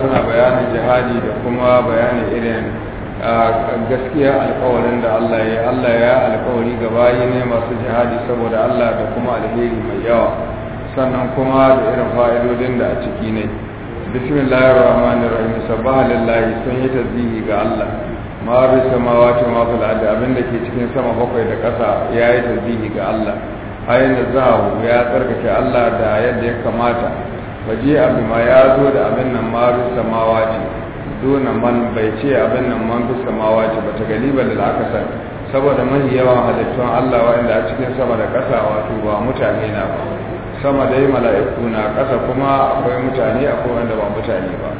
suna bayanin jihadi da kuma bayanin irin gaskiya alkawarin da Allah ya Allah ya alkawari ga bayi ne masu jihadi saboda Allah da kuma alheri mai yawa sannan kuma da irin fa'idodin da a ciki ne bismillahir rahmanir rahim sabaha lillahi sun yi tazihi ga Allah ma bi samawati ma fil ardi abin da ke cikin sama bakwai da kasa yayi tazihi ga Allah ayin da zahu ya tsarkake Allah da yadda ya kamata waje abu ma ya zo da abin nan ma bi samawa ce dona man bai ce abin nan man bi samawa ce ba ta galiba da la'akasar saboda mani yawan halittun Allah inda a cikin sama da kasa wato ba mutane na ba sama dai mala'iku na ƙasa kuma akwai mutane akwai wanda ba mutane ba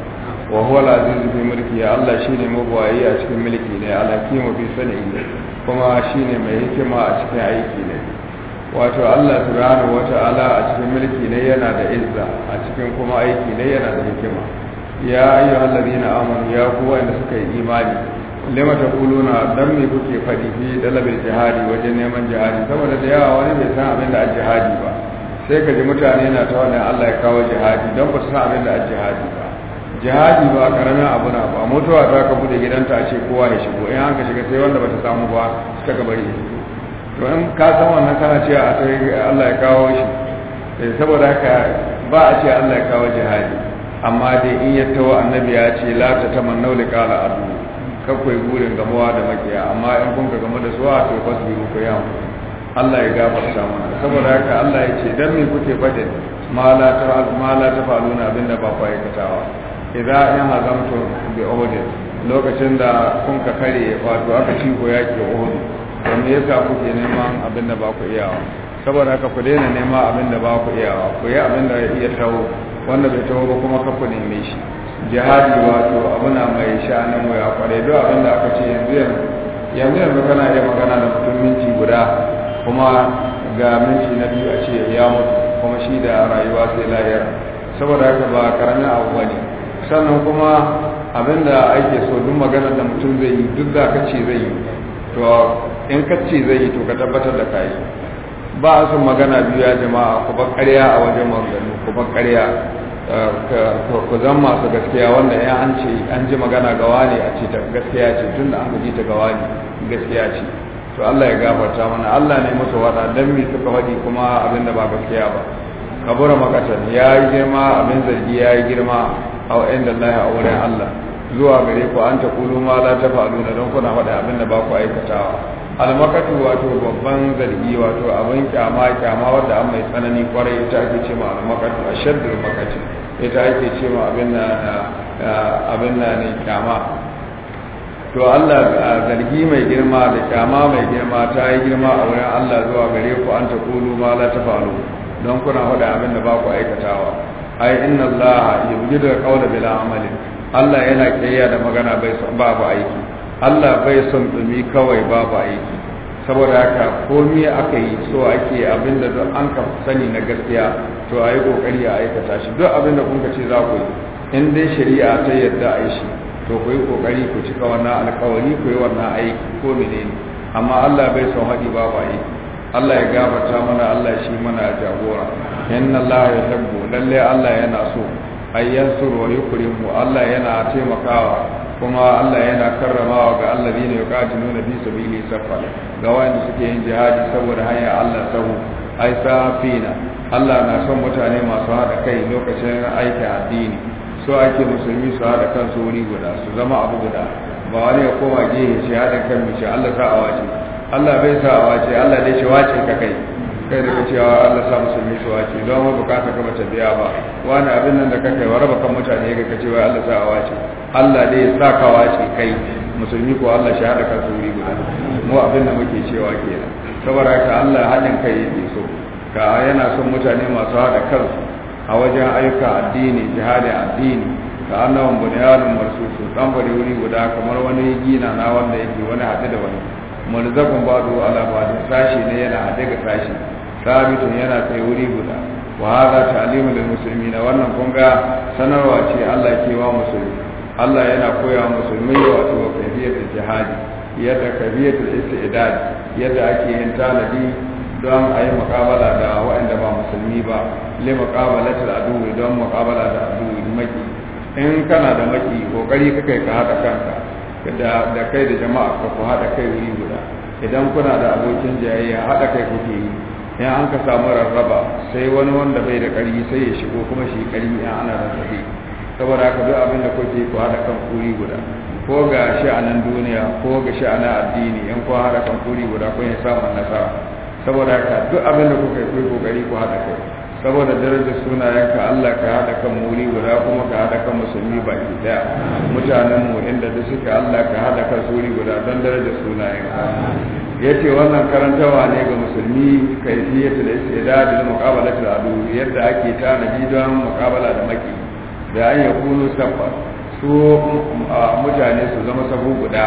wa huwa al fi mulki ya Allah shine mabwayi a cikin mulki ne al mu fi sani'i kuma ne mai hikima a cikin aiki ne wato Allah subhanahu wata'ala a cikin mulki ne yana da izza a cikin kuma aiki ne yana da hikima ya ayyuhal allazina amanu ya ku wanda suka yi imani lima taquluna dan me kuke fadi fi dalabil jihadi wajen neman jihadi saboda da yawa wani bai san abin da a jihadi ba sai ka ji mutane na ta wannan Allah ya kawo jihadi don ba san abin da a jihadi ba jihadi ba karamin abu na ba mutuwa ta ka bude gidanta a ce kowa ya shigo in an ka shiga sai wanda ba ta samu ba suka ga bari to in ka san wannan kana cewa a sai Allah ya kawo shi eh, saboda haka ba a ce Allah ya kawo jihadi amma dai in ya tawo annabi ya ce la ta tamannau liqala adu kakwai gurin gamawa da makiya amma in kun ka gama da su a to fasbiru ku ya Allah ya gafarta mana saboda haka Allah ya ce dan me kuke fadin ma la ta ma la ta faluna abinda ba ku aikatawa idan in hazamtu bi ohudin lokacin da kun ka kare wato aka ci ko yaki ohudin me yasa kuke neman abin da ba ku iyawa saboda haka ku daina nema abin da ba ku iyawa ku yi abin da ya tawo wanda bai tawo ba kuma kafa neme shi jihadi wato abuna mai sha'anin wuya kwarai duk abin da aka ce yanzu yanzu yanzu yanzu kana iya magana da mutum minti guda kuma ga minti na biyu a ce ya mutu kuma shi da rayuwa sai lahira saboda haka ba karamin abu ne sannan kuma abinda ake so duk maganar da mutum zai yi duk da ce zai yi to in ka zai yi to ka tabbatar da kayi ba a son magana biyu ya jama'a ku ba ƙarya a wajen maganganu ku ba ƙarya ku zan masu gaskiya wanda ya an ce an ji magana gawa ne a ce gaskiya ce tun da an ji ta gawa ne gaskiya ce to Allah ya gafarta mana Allah ne musu wada dan mi suka faɗi kuma abin da ba gaskiya ba kabura makatan ya yi girma abin zargi ya yi girma a wa'in da Allah a aure Allah zuwa gare ku an ta kulu ma la ta faɗu na don kuna faɗa abin da ba ku aikatawa almakatu wato babban zargi wato abin kyama kyama wadda an mai tsanani kwarai ita ake ce ma almakatu a shaddar makaci ita ake ce ma abin na ne kyama to Allah zargi mai girma da kyama mai girma ta yi girma a wurin Allah zuwa gare ku an ta kulu ma la ta faru don kuna abin da ba ku aikatawa ai inna Allah ya bugi da kaula bila amalin Allah yana kiyaya da magana bai ba aiki Allah bai son dumi kawai babu aiki saboda haka komai aka yi so ake abinda duk an ka sani na gaskiya to a yi kokari a aikata shi duk abinda kun ce za ku yi in dai shari'a ta yarda a yi shi to ku yi kokari ku cika wannan alkawari ku yi wannan aiki ko menene amma Allah bai son haɗi babu aiki Allah ya gafarta mana Allah shi mana jagora inna Allah ya tabbu lalle Allah yana so ayyansu wa yukrimu Allah yana taimakawa kuma Allah yana karramawa ga allazi ne yuqatilu nuna fi sabili safa ga wanda suke yin jihadi saboda hanya Allah sahu ai safina Allah na son mutane masu hada kai lokacin aikin addini so ake musulmi su hada kan wuri guda su zama abu guda ba wani ya koma gehe shi hada kan mishi Allah sa wace Allah bai sa Allah dai shi wace ka kai kai da cewa Allah sa musulmi su wace don wai bukatar ka bata biya ba wani abin nan da ka kai wa raba kan mutane ga ka cewa Allah sa wace Allah dai sa ka wace kai musulmi ko Allah shi hada kansu wuri guda mu abin da muke cewa kenan saboda ka Allah hadin kai yake so ka yana son mutane masu hada kansu a wajen ayyuka addini jihadin addini ka annawan bunyanun su dan bari wuri guda kamar wani gina na wanda yake wani haɗe da wani mulzakun ba'du ala ba'du sashi ne yana haɗe ga sashi sabitun yana kai wuri guda wa hada ta'limu lil muslimina wannan kun ga sanarwa ce Allah yake wa musulmi Allah yana koya musulmai wato kafiyatul jihadi yadda al istidad yadda ake yin talabi don a yi da waɗanda ba musulmi ba le ta adu don muqabala da adu maki in kana da maki kokari ka kai ka haɗa kanka da kai da jama'a ka ku haɗa kai wuri guda idan kuna da abokin jayayya haɗa kai kuke yi ya an ka samu rarraba sai wani wanda bai da ƙari sai ya shigo kuma shi ƙari ya ana rarrabe saboda haka duk abin da kuke ku haɗa kan kuri guda ko ga sha'anin duniya ko ga sha'anin addini in ku haɗa kan kuri guda kun yi samun nasara saboda haka duk abin da kuka ko ku yi ƙoƙari ku haɗa kai saboda darajar sunayenka Allah ka haɗa kan muri guda kuma ka haɗa kan musulmi baki ɗaya mutanen mu inda da suka Allah ka haɗa kan suri guda don darajar sunayenka ya ce wannan karantawa ne ga musulmi da da lil muqabalatil adu yadda ake tanadi don muqabala da maki da an yi kunu safa su mutane su zama sabu guda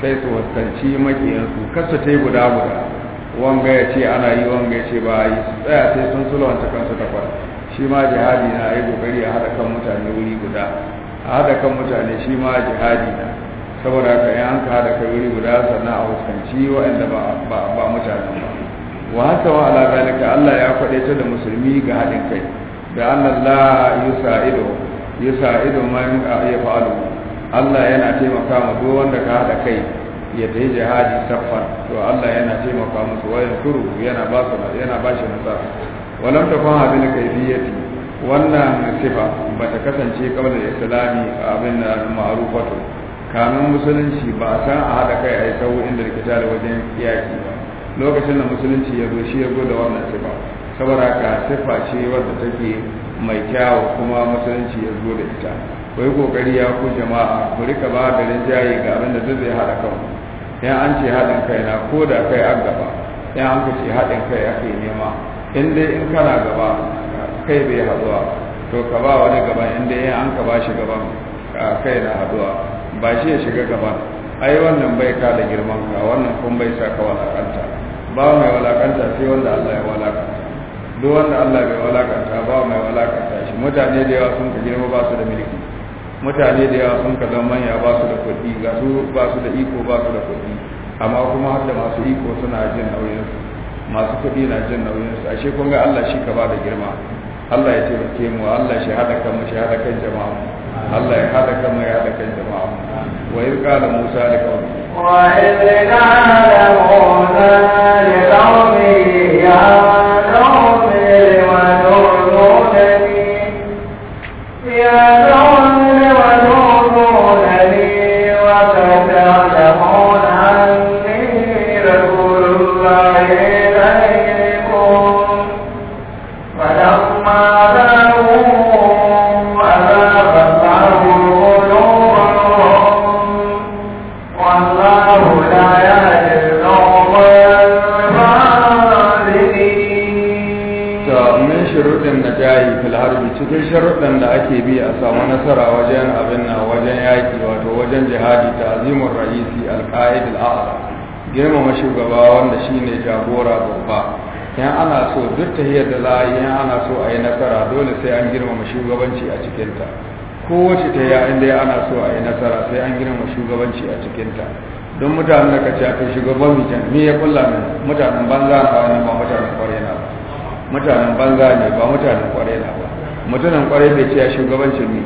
sai su wasanci makiyansu kasa tai guda guda wanga ya ce ana yi wanga ya ce ba a yi su tsaya sai sun sulwanta kansu da kwar shi ma jihadi na a yi kokari a haɗa kan mutane wuri guda a haɗa kan mutane shi ma jihadi na saboda ka yi an ka haɗa wuri guda sannan a fuskanci waɗanda ba mutane ba wa haka wa ala Allah ya ta da musulmi ga haɗin kai da Allah la yi sa'ido ma ya fa'alu Allah yana taimaka ma duk wanda ka haɗa kai ya ta yi jihadi saffan to Allah yana taimaka musu wayan turu yana ba su yana ba shi nasara walam ta kwan abin wannan sifa ba ta kasance kawai da islami abin da ma'arufatu kanun musulunci ba a san a haɗa kai a yi sau inda rikita da wajen yaƙi ba lokacin da musulunci ya zo shi ya da wannan sifa saboda ka sifa ce wadda take mai kyawu kuma musulunci ya zo da ita ku yi kokari ya ku jama'a ku rika ba da rinjaye ga abin da zai haɗa kanku yan an ce haɗin kai na ko da kai an gaba yan an ce haɗin kai ake nema in dai in kana gaba kai bai haɗuwa to ka ba wani gaban in dai yan an ka ba shi gaban kai na haɗuwa ba shi ya shiga gaban ai wannan bai ka da girman ka wannan kun bai sa ka walakanta ba mai walakanta sai wanda Allah ya walakanta duk wanda Allah bai walakanta ba mai walakanta shi mutane da yawa sun ka girma ba su da miliki mutane da yawa sun kaza manya ba su da kuɗi ga su ba su da iko ba su da kuɗi amma kuma har da masu iko suna jin nauyinsu masu kuɗi na jin nauyinsu ashe kun ga Allah shi ka ba da girma Allah ya taimake mu Allah shi hada kan mu shi hada kan jama'a Allah ya hada kan mu ya hada kan jama'a wa iz kala Musa da kawai. wa iz qala Musa da qaumihi ya qaumi lima tu'minuni ya ake bi a samu nasara wajen abin na wajen yaƙi wato wajen jihadi ta azimin ra'isi alƙa'id al'a'ara girmama shugaba wanda shi ne jagora babba yan ana so duk ta hiyar da za a yi yan ana so a yi nasara dole sai an girmama shugabanci a cikinta kowace tahiya inda ya ana so a yi nasara sai an girmama shugabanci a cikinta don mutanen da ka ce aka shugaban mijan me ya kulla min mutanen banza ne ba mutanen kwarai na ba mutanen banza ne ba mutanen kwarai na ba mutumin kwarai bai ce ya shugabancin ne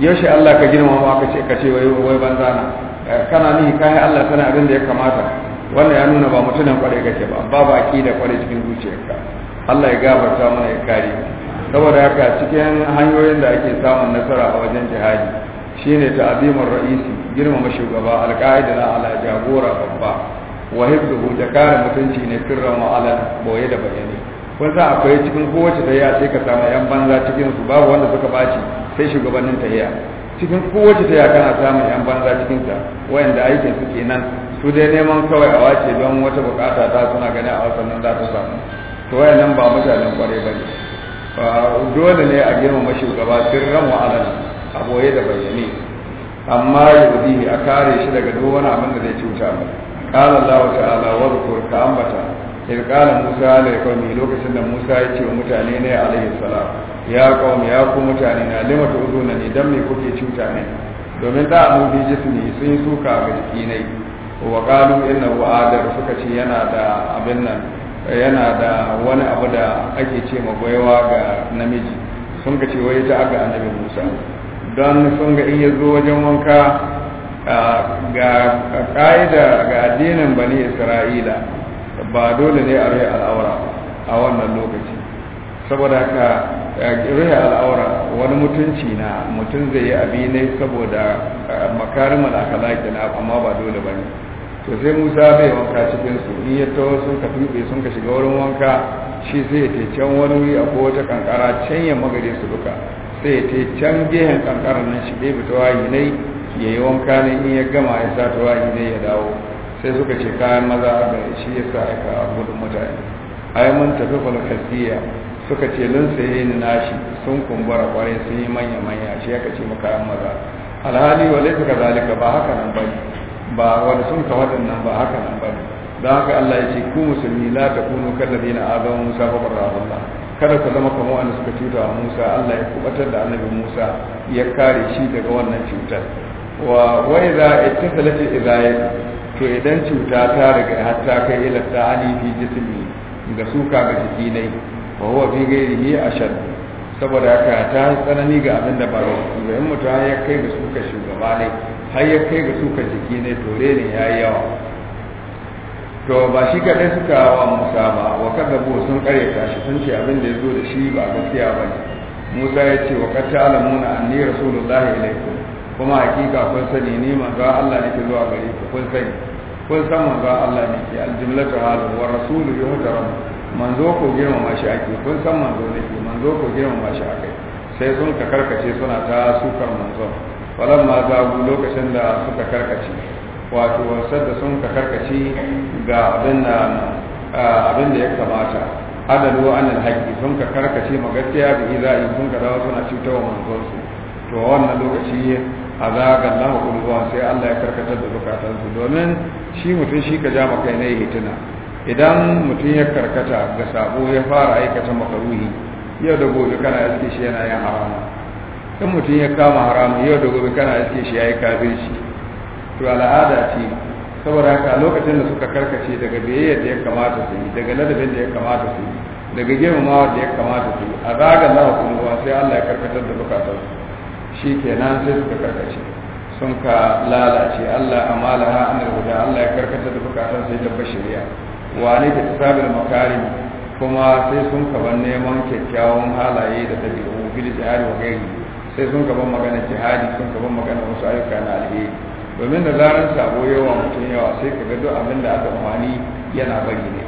yaushe Allah ka girma ma ka ce ka ce wai wai banza na eh, kana Ka kai Allah tana abin da ya kamata wannan ya nuna ba mutumin kwarai kake ba babu da kwarai cikin zuciyarka Allah ya gafarta mana ya kare saboda haka cikin hanyoyin da ake samun nasara a wajen jihadi shine ta'zimur ra'isi girmama shugaba alqaida na ala jagora babba wa hibdu da kare mutunci ne firra ma'alan boye da bayani kun sa akwai cikin kowace tahiya sai ka samu yan banza cikin su babu wanda suka baci sai shugabannin tahiya cikin kowace tahiya kana samun yan banza cikin ta wayanda aikin su kenan su dai neman kawai a wace don wata bukata ta suna gani a wasan nan za ta samu to wayannan ba mutanen ne. Ba dole ne a girmama shugaba sirran wa'alan, a boye da bayyane amma yahudi a kare shi daga duk wani abin da zai cuta ba. qala allah ta'ala wa ka ambata Musa Musa ya lokacin da wa mutane ne a لوكسن موسى ya ومتانين ya السلام mutane na يا قوم متانين don تؤذونني kuke cuta ne domin da abu bi jismi sun yi suka ga jiki ne wa inna wa adar suka ce yana da abin nan yana da wani abu da ake ce ma baiwa ga namiji sun ka ce wai ta aga annabi Musa don sun ga in ya zo wajen wanka ga ka'ida ga addinin bani Isra'ila ba dole ne a rufe al'aura a wannan lokaci saboda ka eh, rufe al'aura wani mutunci na mutum zai yi abi ne saboda eh, makarimar akalaki na amma ba dole ba ne to sai musa bai wanka cikinsu in ya ta wasu ka tuɓe sun ka shiga wurin wanka shi zai ta can wani wuri a wata kankara can ya magare su duka sai ya te can gehen kankara nan shi ɗaya fitowa wayi ne ya yi wanka ne in ya gama ya sa wayi ne ya dawo sai suka ce kayan maza a gani shi ya yasa aka gudun mutane ai mun tafi falakasiya suka ce lun sai ni nashi sun kumbura kwarai sun yi manya manya shi aka ce kayan maza alhali wa laifin kazalika ba haka nan bane ba wani sun ka waɗannan ba haka nan bane don haka Allah ya ce ku musulmi la ta kunu kallabi na azawa Musa fa barrahullah kada ku zama kamar wanda suka cuta wa Musa Allah ya kubatar da annabi Musa ya kare shi daga wannan cutar wa wa idza ittasalat idayatu to idan cuta ta daga har ta kai ila ta'ani fi jismi ga suka ga jiki ne wa huwa fi ghairihi ashad saboda haka ta tsanani ga abin da ba ga in mutum ya kai ga suka shugaba ne har ya kai ga suka jiki ne to ne yayi yawa to ba shi kaɗai suka wa Musa ba wa kada bu sun ta shi sun ce abin da ya zo da shi ba gaskiya ne, Musa ya ce wa qad ta'lamuna anni rasulullahi ilaykum kuma hakika kun sani ni manzo Allah nake zuwa gare ku kun sani kun san manzo Allah ne ke aljumlatu hal wa rasulu yuhtaram manzo ko girmama shi ake kun san manzo ne ke manzo ko girmama shi ake sai sun ka karkace suna ta sukar manzo walan ma za ku lokacin da suka karkace wato sai da sun ka karkace ga abin da abin da ya kamata adalu anil sun ka karkace magaskiya bi za'i sun ka dawo suna cutawa manzo to wannan lokaci azaga Allah qulubuhum sai Allah ya karkatar da zukatansu domin shi mutum shi ka ja maka ne hituna idan mutum ya karkata ga sabo ya fara aikata makaruhi yau da gobe kana iske shi yana yin haramu in mutum ya kama haramu yau da gobe kana iske shi yayi shi to al'ada ce saboda haka lokacin da suka karkace daga biyayyar da ya kamata su yi daga ladabin da ya kamata su yi daga girmamawa da ya kamata su yi azaga Allah qulubuhum sai Allah ya karkatar da zukatansu shi kenan sai suka karkace sun ka lalace Allah amalaha an rubuta Allah ya karkata da bukatun sai da bashiriya wani da tsabar makarim kuma sai sun ka ban neman kyakkyawan halaye da dabi'u bil jihad wa gairi sai sun ka ban magana jihadi sun ka ban magana wasu ayyuka na alheri domin da zaran sabo yawa mutum yawa sai ka ga duk abin da aka amfani yana bari ne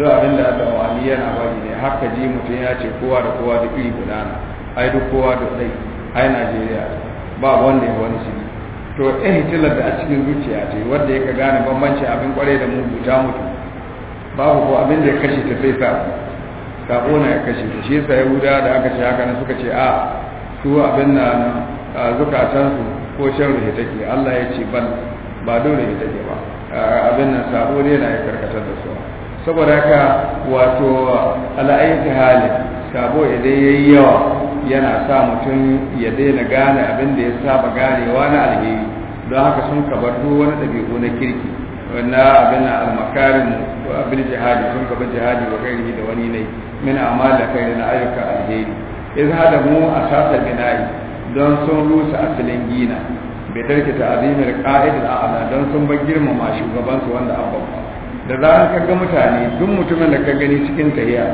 duk abin da aka amfani yana bari ne haka ji mutum ya ce kowa da kowa da iri gudana ai duk kowa da ɗai ai najeriya ba wanda ya wani shi to eh hitilar da a cikin zuciya ce wanda ya gane bambanci abin kwarai da mu ta mutu babu ko abin da ya kashe ta sai sabo na ya kashe ta shi sai yahuda da aka ce haka na suka ce a ah, su abin na ah, su, ko shan ruhe take allah ya ce ban ba dole ya take ba ah, abin nan sabo ne na ya karkatar da su saboda haka wato ala'ayyar halin sabo idan yayi yawa yana sa mutum ya daina gane abin da ya saba ganewa na alheri don haka sun kabar duk wani ɗabi'u na kirki Wannan abin na almakarin abin jihadi sun kabar jihadi wa da wani ne min amal da kai na ayyuka alheri Idan hada mu asasa bina'i don sun rusa asalin gina bai tarkita azimin qa'id al'ala don sun bar girmama shugabansu wanda an babba da za ka ga mutane duk mutumin da ka gani cikin tahiya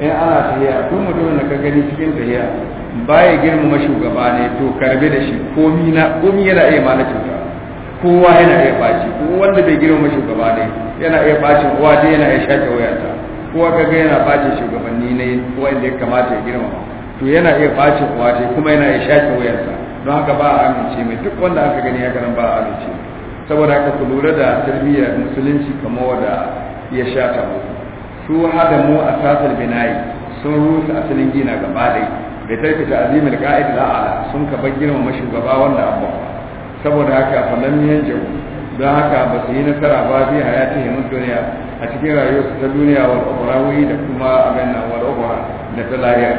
in ana tahiya duk mutumin da ka gani cikin tahiya ya girmama shugaba ne to karbe da shi komi na komi yana iya mana cuta kowa yana iya baci ko wanda bai girmama shugaba ne yana iya baci kowa dai yana iya shaƙe wayarta kowa ka ga yana baci shugabanni ne wanda ya kamata ya girmama to yana iya baci kowa dai kuma yana iya shaƙe wayarta don haka ba a amince mai duk wanda aka gani ya ganin ba a amince mai saboda haka ku lura da tarbiyyar musulunci kamar wanda ya sha ta su hada mu a sasar binayi sun rusa asalin gina gaba dai bai tarki ta azimul qa'id la'ala sun ka bar girmama shugaba wanda abba saboda haka yan yanju don haka ba su yi nasara ba bi hayati himun duniya a cikin rayuwarsu ta duniya wal ukhrawi da kuma abin nan wal da ta lahiya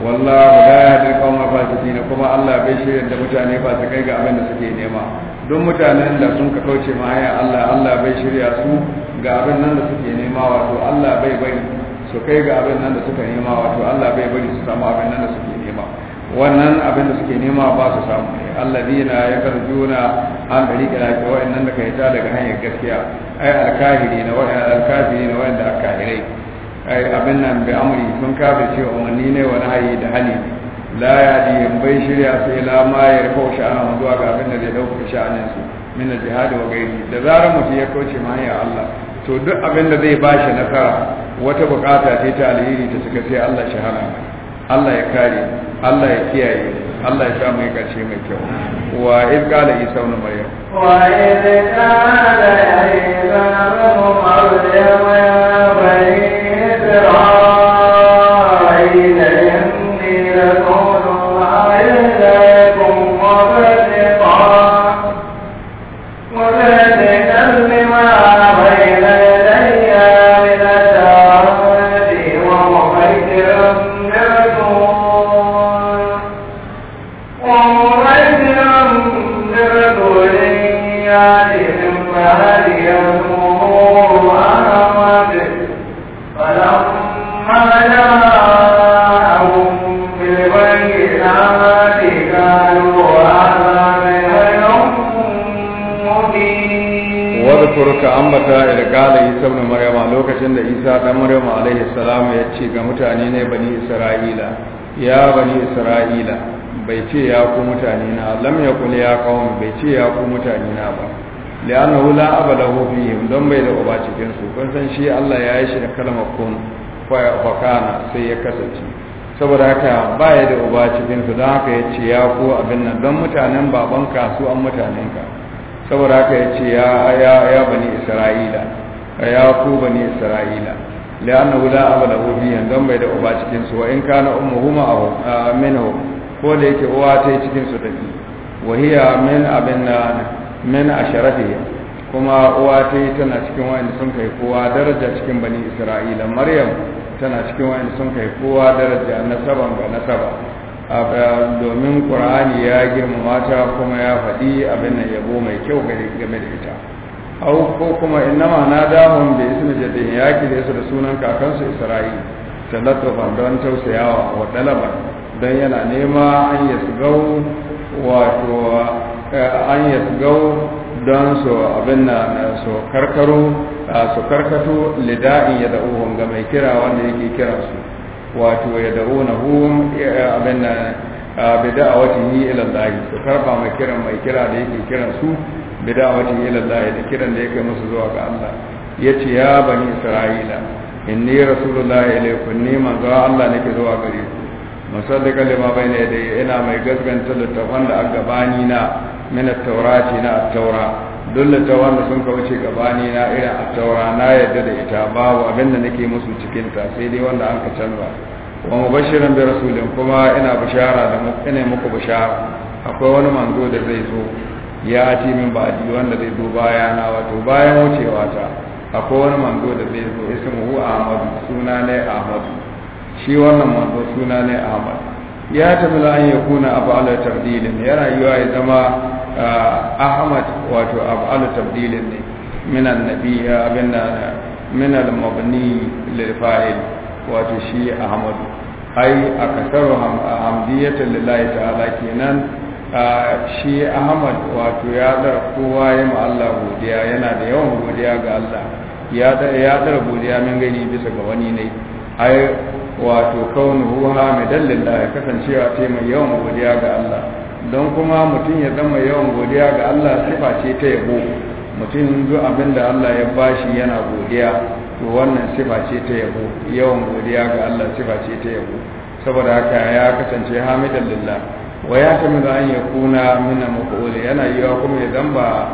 wallahu la kuma ba su fasiqin kuma Allah bai shirya da mutane ba su kai ga abin da suke nema don mutanen da sun ka kauce ma haya Allah Allah bai shirya su ga abin nan da suke nema wato Allah bai bari su kai ga abin nan da suka nema wato Allah bai bari su samu abin nan da suke nema wannan abin da suke nema ba su samu ne alladina yakarjuna an bari ga ke wa'annan da kai ta daga hanyar gaskiya ai alkahiri na wa'annan alkahiri na wa'anda akahirai ai abin nan bi amuri sun cewa umarni ne wani hayi da hali la ya diyan bai shirya su ila ma ya rufa sha'anin zuwa ga abin da zai ɗauka sha'anin su min jihadi wa gairi da zarar mutum ya kauce ma hanyar Allah to duk abin da zai bashi nasara wata bukata ce ta alheri ta saka sai Allah shi hana Allah ya kare Allah ya kiyaye Allah ya sa mu yi karshe mai kyau wa iz qala isa ibn maryam wa iz qala isa ibn maryam ya bani isra'il na maryam alaihi salam ya ce ga mutane ne bani isra'ila ya bani isra'ila bai ce ya ku mutane na lam yakul ya kawo bai ce ya ku mutane na ba li'annahu la abalahu fihim don bai da uba cikin su kun san shi Allah ya yi shi da kalmar kun fa kana sai ya kasance saboda haka ba ya da uba cikin su don haka ya ce ya ku abin nan don mutanen babanka su an mutanenka saboda haka ya ce ya bani isra'ila ya ku bani isra'ila la'annahu la abada hu biyan don bai da uba cikin wa in ka ummuhuma aw minhu ko da yake uwa ta cikin su min abin min asharafi kuma uwa tana cikin wa'anda sun kai kowa daraja cikin bani isra'ila maryam tana cikin wa'anda sun kai kowa daraja nasaban ga nasaba domin qur'ani ya girmama mata, kuma ya faɗi abin nan yabo mai kyau game da ita au ko kuma innama na dahun da ismi jadin ya kire su da sunan kakansu isra'i talattufan don tausayawa wa dalaban don yana nema an yasgau wato eh, an yasgau don su abin na su karkaro su karkato lida'in ya da'uhun ga mai kira wanda yake kira eh, su wato ya da'una hun abin na bida a wata yi ilallahi su karba mai kiran mai kira da yake kiran su bidawati ila Allah da kiran da yake musu zuwa ga Allah yace ya bani isra'ila inni rasulullahi ilaykum ni manzo Allah nake zuwa gare ku musaddaka lima bayna yadayya ina mai gaskanta littafan da aka bani na min at-taurati na at-taura dole ta wanda sun kauce gabani na irin at-taura na yadda da ita babu abinda da nake musu cikin ta sai dai wanda an ka canza wa mubashiran bi rasulin kuma ina bishara da ina muku bishara akwai wani manzo da zai zo ya ce min ba ji wanda zai zo baya na wato bayan wucewa ta akwai wani manzo da zai zo ismuhu ahmadu suna ne ahmadu shi wannan manzo suna ne ahmad ya tafi an yakuna kuna af'alu tabdilin yana yiwa ya zama ahmad wato af'alu tabdil ne min annabi abin abinda min al-mabni lil fa'il wato shi ahmadu ai akasaru hamdiyatan lillahi ta'ala kenan shi ahmad wato ya dar kowa ya ma Allah godiya yana da yawan godiya ga Allah ya dar godiya min gani bisa ga wani ne ai wato da hamidan kasance kasancewa ce mai yawan godiya ga Allah don kuma mutum ya zama yawan godiya ga Allah sifa ce ta yabo mutum duk abin da Allah ya bashi yana godiya to wannan sifa ce ta yabo yawan godiya ga Allah sifa ce ta yabo saboda haka ya kasance hamidan lillah Waya ya kami da an kuna min makoli yana yi wa kuma ya ba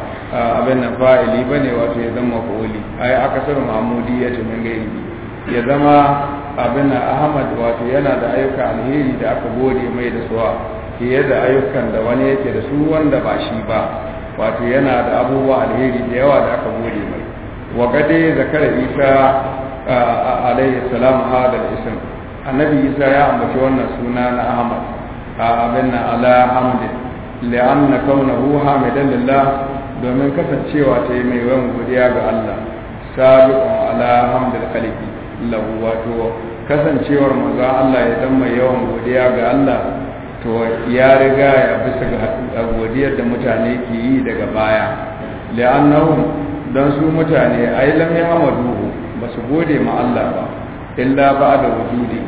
abin nan fa'ili ne wato ya zama maf'uli ai akasar mahmudiyatu min gairi ya zama abin Ahmad wato yana da ayyuka alheri da aka gode mai da suwa fiye da ayyukan da wani yake da su wanda ba shi ba wato yana da abubuwa alheri da yawa da aka gode mai wa gade zakara isa alaihi salam ism annabi isa ya ambaci wannan suna na Ahmad abin na ala hamdin li'an na kauna huha mai dalillah domin kasancewa ta yi mai wani godiya ga Allah sabiqun ala hamdil khaliqi lahu wato kasancewar maza Allah ya mai yawan godiya ga Allah to ya riga ya bisa ga godiyar da mutane ke yi daga baya li'annahu don su mutane A ai lam duhu, ba su gode ma Allah ba illa ba da wujudi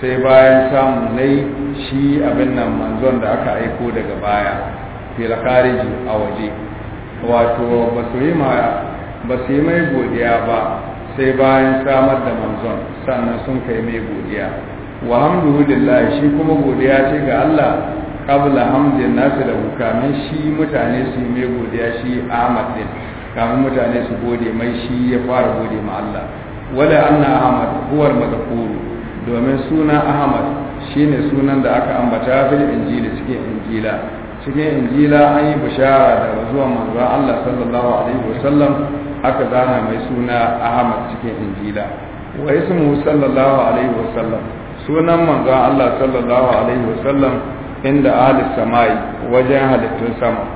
sai bayan samun nayi shi abin nan manzon da aka aiko daga baya filkariji a waje wato ba su yi mai godiya ba sai bayan samar da manzon sannan sun kai mai godiya wa hamduhu shi kuma godiya ce ga Allah qabla hamdin nasu da hukamin shi mutane su yi mai godiya shi Ahmad din kamin mutane su gode mai shi ya fara gode ma Allah wala anna Ahmad huwa al-madhkur domin suna Ahmad shine sunan da aka ambata fil injili cikin injila cikin injila an yi bishara da zuwa manzo Allah sallallahu alaihi wasallam aka zana mai suna Ahmad cikin injila wa ismu sallallahu alaihi wasallam sunan manzo Allah sallallahu alaihi wasallam inda ahli samai wajen halittun sama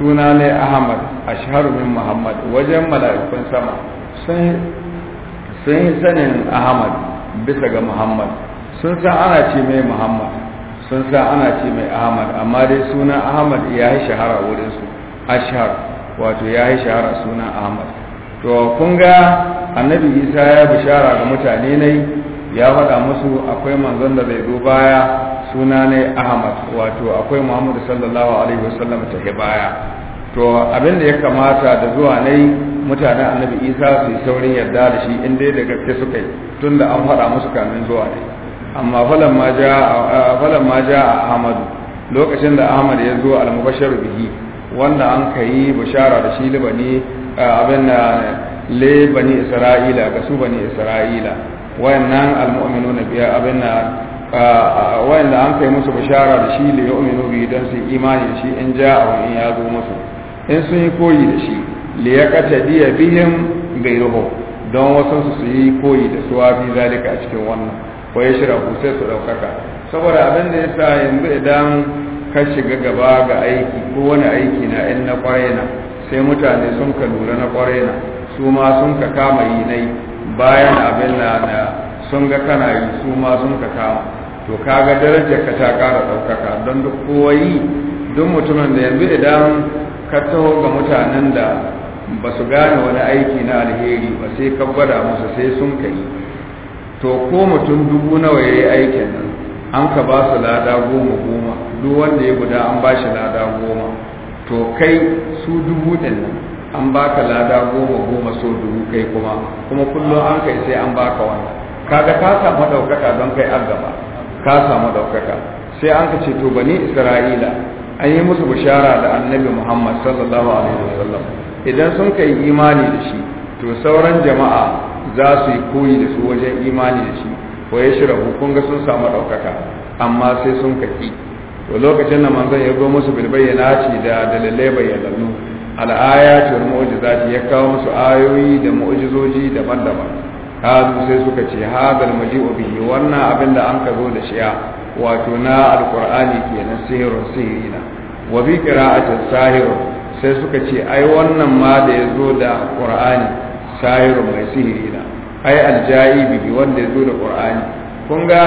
suna ne Ahmad ashharu min Muhammad wajen mala'ikun sama sun sanin Ahmad bisa ga Muhammad sun san ana ce mai muhammad sun san ana ce mai ahmad amma dai suna ahmad ya yi shahara wurinsu ashar wato ya yi shahara suna ahmad to kun ga annabi isa ya bishara ga mutane ne ya faɗa musu akwai manzon da zai zo baya suna ne ahmad wato akwai muhammadu sallallahu alaihi wasallam ta baya to abin da ya kamata da zuwa ne mutanen annabi isa su yi saurin yarda da shi in dai da gaske suka yi tun an faɗa musu kamin zuwa ne amma falan ma ja a ahmadu lokacin da ahamad ya zo almubashar bihi wanda an ka yi bishara da shi libani abin da libani isra'ila ga su bani isra'ila wayannan almu'minu na biya abin da wayanda an yi musu bishara da shi li yu'minu bi dan su imani da shi in ja a in ya zo musu in sun yi koyi da shi li ya kace diya bihim gairuhu don wasu su yi koyi da suwa bi zalika a cikin wannan wa ku sai su daukaka saboda abin da yasa yanzu idan ka shiga gaba ga aiki ko wani aiki na in na kwarena sai mutane sun ka lura na kwarena su ma sun ka kama yi nai bayan abin na na sun ga kana yi su ma sun ka kama to kaga darajar ka ta kara daukaka don duk yi, duk mutumin da yanzu idan ka taho ga mutanen da ba su gane wani aiki na alheri ba sai ka gwada musu sai sun ka yi to ko mutum dubu nawa ya yi aikin nan an ka ba su lada goma goma duk wanda ya guda an ba shi lada goma to kai su dubu ɗin nan an ba ka lada goma goma so dubu kai kuma kuma kullum an kai sai an ba ka wani kaga ka samu ɗaukaka don kai an gaba ka samu ɗaukaka sai an ka ce to bani isra'ila an yi musu bishara da annabi muhammad sallallahu alaihi wasallam idan sun kai imani da shi to sauran jama'a za su yi koyi da su wajen imani da shi ko ya shira kun ga sun samu ɗaukaka amma sai sun kaki to lokacin da manzan ya zo musu bil bayyana da dalilai bayyanannu al'ayati wal ya kawo musu ayoyi da mu'jizoji daban-daban kazu sai suka ce hadal maji'u bihi wannan abin da an ka zo da shi'a wato na alqur'ani kenan sihirun sihirina wa bi qira'atin sahirun sai suka ce ai wannan ma da ya zo da qur'ani sahirun mai sihiri na ai alja'i bi wanda ya zo da qur'ani kun ga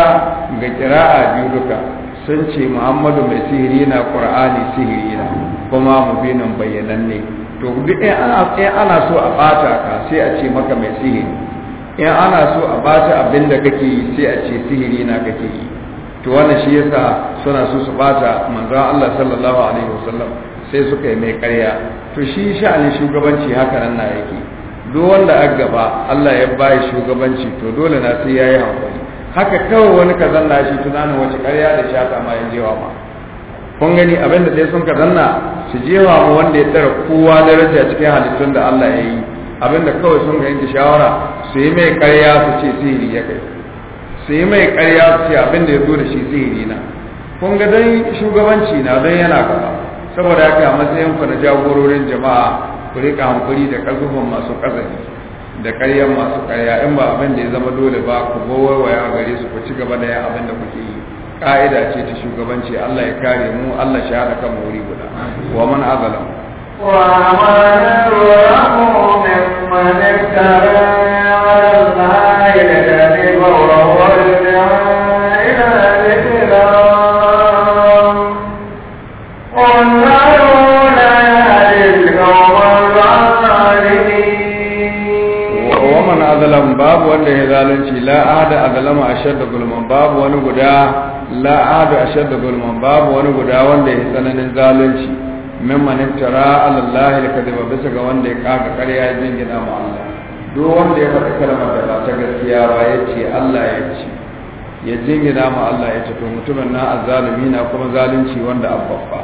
ga kira'a biyu duka sun ce muhammadu mai sihiri na qur'ani sihiri na kuma bayanan bayyananne to duk in ana so a bata ka sai a ce maka mai sihiri in ana so a bata abinda kake yi sai a ce sihiri na kake yi to wannan shi yasa suna so su bata manzon Allah sallallahu alaihi wasallam sai suka yi mai karya to shi sha'anin shugabanci haka nan na yake duk wanda a gaba Allah ya bayi shugabanci to dole na sai yayi hankali haka kawai wani ka zanna shi tunanin wace karya da shata ma ya jewa ma kun gani abin da sai sun ka zanna su jewa mu wanda ya tsara kowa daraja cikin halittun da Allah ya yi abin da kawai sun ga yanke shawara su yi mai karya su ce sihiri ya kai su yi mai karya su ce abin da ya zo da shi sihiri na kun ga dai shugabanci na don yana gaba saboda haka a matsayin ku na jagororin jama'a ku rika hankuri da ƙazufan masu ƙazafi da ƙaryar masu ƙarya in ba abin da ya zama dole ba ku gowarwaya a gare su ku ci gaba da yin abin da kuke yi ƙa'ida ce ta shugabanci Allah ya kare mu Allah shi haɗa kan wuri guda wa man azalam wanda ya zalunci la'ada a galama a shadda gulman babu wani guda la'ada a shadda gulman babu wani guda wanda ya tsananin zalunci Min manin tara, alallahi da kadaba bisa ga wanda ya kaga karya ya jingina ma Allah duk wanda ya faɗi kalmar da ba ta gaskiya ba ya ce Allah ya ce ya jingina ma Allah ya ce to mutumin na azzalumi na kuma zalunci wanda abbabba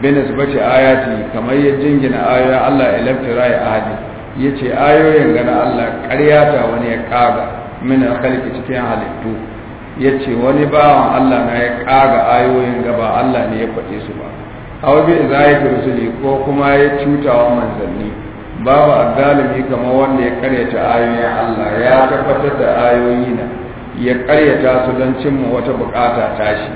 bin isbati ayati kamar ya jingina ayoyin Allah laftira ya ahadi ya ce ayoyin gana Allah ta wani ya ƙaga min halki cikin halittu ya ce wani bawan Allah na ya ƙaga ayoyin gaba Allah ne ya faɗe su ba za bi zahiri rusuli ko kuma ya cuta wa manzanni babu azalimi kamar wanda ya karyata ayoyin Allah ya tabbatar da ayoyi na ya karyata su don cimma wata bukata shi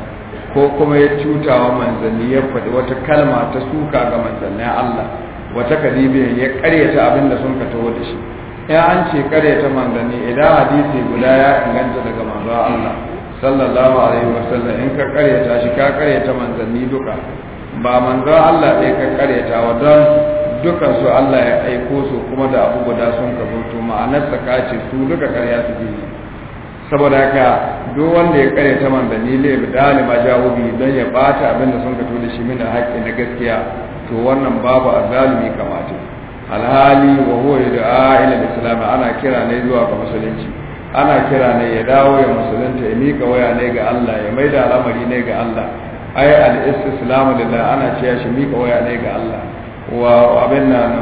ko kuma ya cuta wa manzanni ya faɗi wata kalma ta suka ga manzannin Allah wata kadibiyan ya karyata abin da sun ka taho da shi ya an ce karyata manzanni idan hadisi guda ya inganta daga manzo Allah sallallahu alaihi wasallam in ka karyata shi ka karyata manzanni duka ba manzo Allah ɗaya ka karyata wa don dukan su Allah ya aiko su kuma da abu guda sun ka zo ma'anar tsaka ce su duka karya su yi. saboda ka duk wanda ya karyata manzanni lai bi dalima jawo bi don ya bata abin da sun ka to da shi mina haƙƙi na gaskiya to wannan babu azalimi kamata alhali wa huwa yad'a ila islam ana kira ne zuwa ga musulunci ana kira ne ya dawo ya musulunta ya mika waya ne ga Allah ya maida al'amari ne ga Allah ai al islamu lillah ana cewa shi mika waya ne ga Allah wa abin nan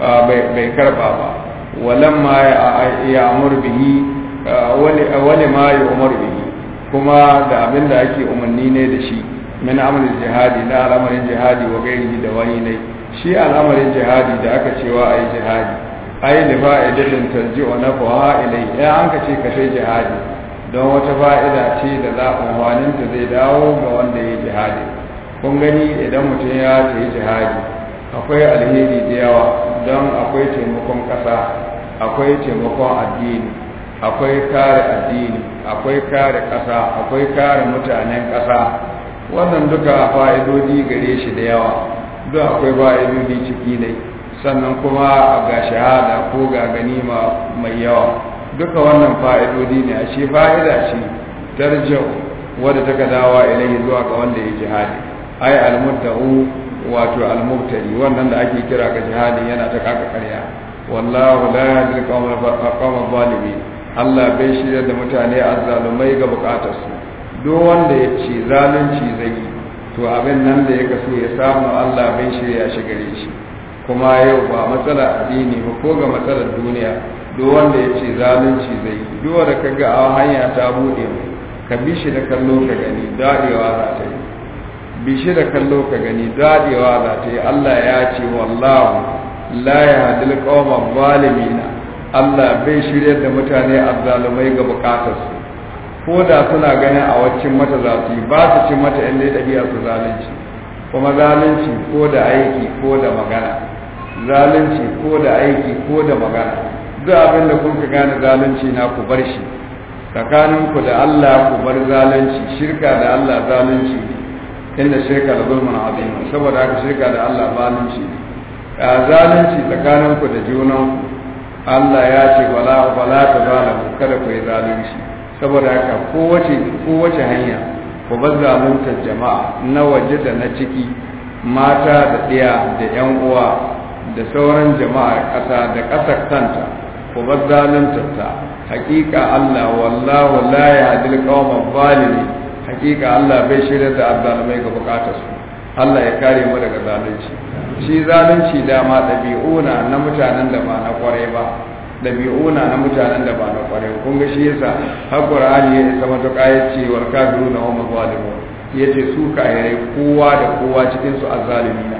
bai karba ba ma ya amur bihi wani ma ya umar bihi kuma da abin da ake umarni ne da shi min amalin jihadi na al'amarin jihadi wa gairi da wani ne shi al'amarin jihadi da aka cewa a yi jihadi ai da fa'idatin tarji'u na fa'a ilai ya eh, an ka jihadi don wata fa'ida ce da za amfaninta zai dawo ga wanda ya jihadi kun gani idan mutum ya ta jihadi akwai alheri da yawa don akwai taimakon ƙasa akwai taimakon addini akwai kare addini akwai kare ƙasa akwai kare mutanen ƙasa wannan duka fa'idodi gare shi da yawa duk akwai fa'idodi ciki ne sannan kuma ga shahada ko ga ganima mai yawa duka wannan fa'idodi ne a shi fa'ida ce tarjau wadda taka dawa ilahi zuwa ga wanda ya jihadi ai almudda'u wato almubtadi wannan da ake kira ga jihadi yana ta kaka karya wallahu la yahdil qawma zalimi Allah bai shirya da mutane azzalumai ga bukatarsu duk wanda ya ce zalunci zai yi to abin nan da ya so ya samu Allah bai shirya shi gare shi kuma yau ba matsala addini ba ko ga matsalar duniya duk wanda ya ce zalunci zai yi duk wanda ka ga a hanya ta bude mai ka bi shi da kallo ka gani dadewa za ta yi bi shi da kallo ka gani dadewa za ta yi Allah ya ce wallahu la yahdil qawma zalimina Allah bai shirya da mutane azzalumai ga bukatarsu ko da suna ganin a waccin mata za su yi ba su ci mata in dai ɗabi'a su zalunci kuma zalunci ko da aiki ko da magana zalunci ko da aiki ko da magana duk abin da kun ka gane zalunci na ku bar shi tsakaninku da Allah ku bar zalunci shirka da Allah zalunci inda shirka da zulmun azim saboda haka shirka da Allah zalunci a zalunci tsakaninku da junanku Allah ya ce wala wala ta zalamu kada ku yi zalunci saboda haka kowace kowace hanya ko bazza jama'a na waje da na ciki mata da ɗiya da yan uwa da sauran jama'a ƙasa da ƙasar kanta ko bazza lantarta hakika Allah wallahu la yahdil qawma zalimi hakika Allah bai shirya da azzalumai ga bukatar su Allah ya kare mu daga zalunci shi zalunci dama ɗabi'una na mutanen da ba na kwarai ba ɗabi'una na mutanen da ba na kware kun ga shi yasa har qur'ani ya isa mata ya wal kafiruna wa mazalimu yace su kayarai kowa da kowa cikin su azalimina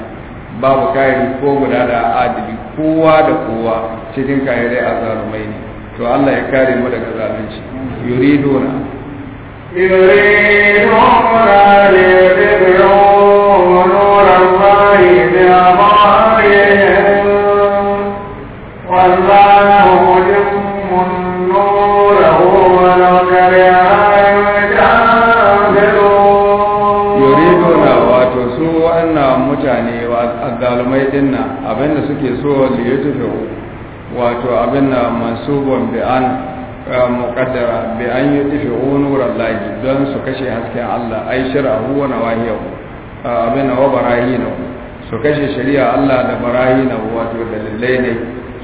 babu kayari ko guda da adili kowa da kowa cikin kayarai azalumai ne to Allah ya kare mu daga zalunci yuriduna yuriduna li yudhibu nura Allah din nan abinda suke so liyatufu wato abin da mansubun an eh, muqaddara bi an yatufu nuran don su kashe hasken Allah ai shar'ahu wa nawahiyahu eh, abin da wa barahina su kashe shari'a Allah da barahina wato dalilai ne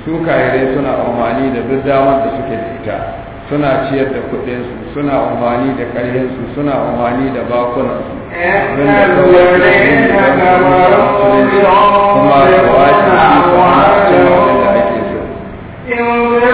su kayirai suna amfani da duk damar da suke da ita suna ciyar da kuɗinsu suna amfani da ƙarhinsu suna amfani da bakunansu Thank you.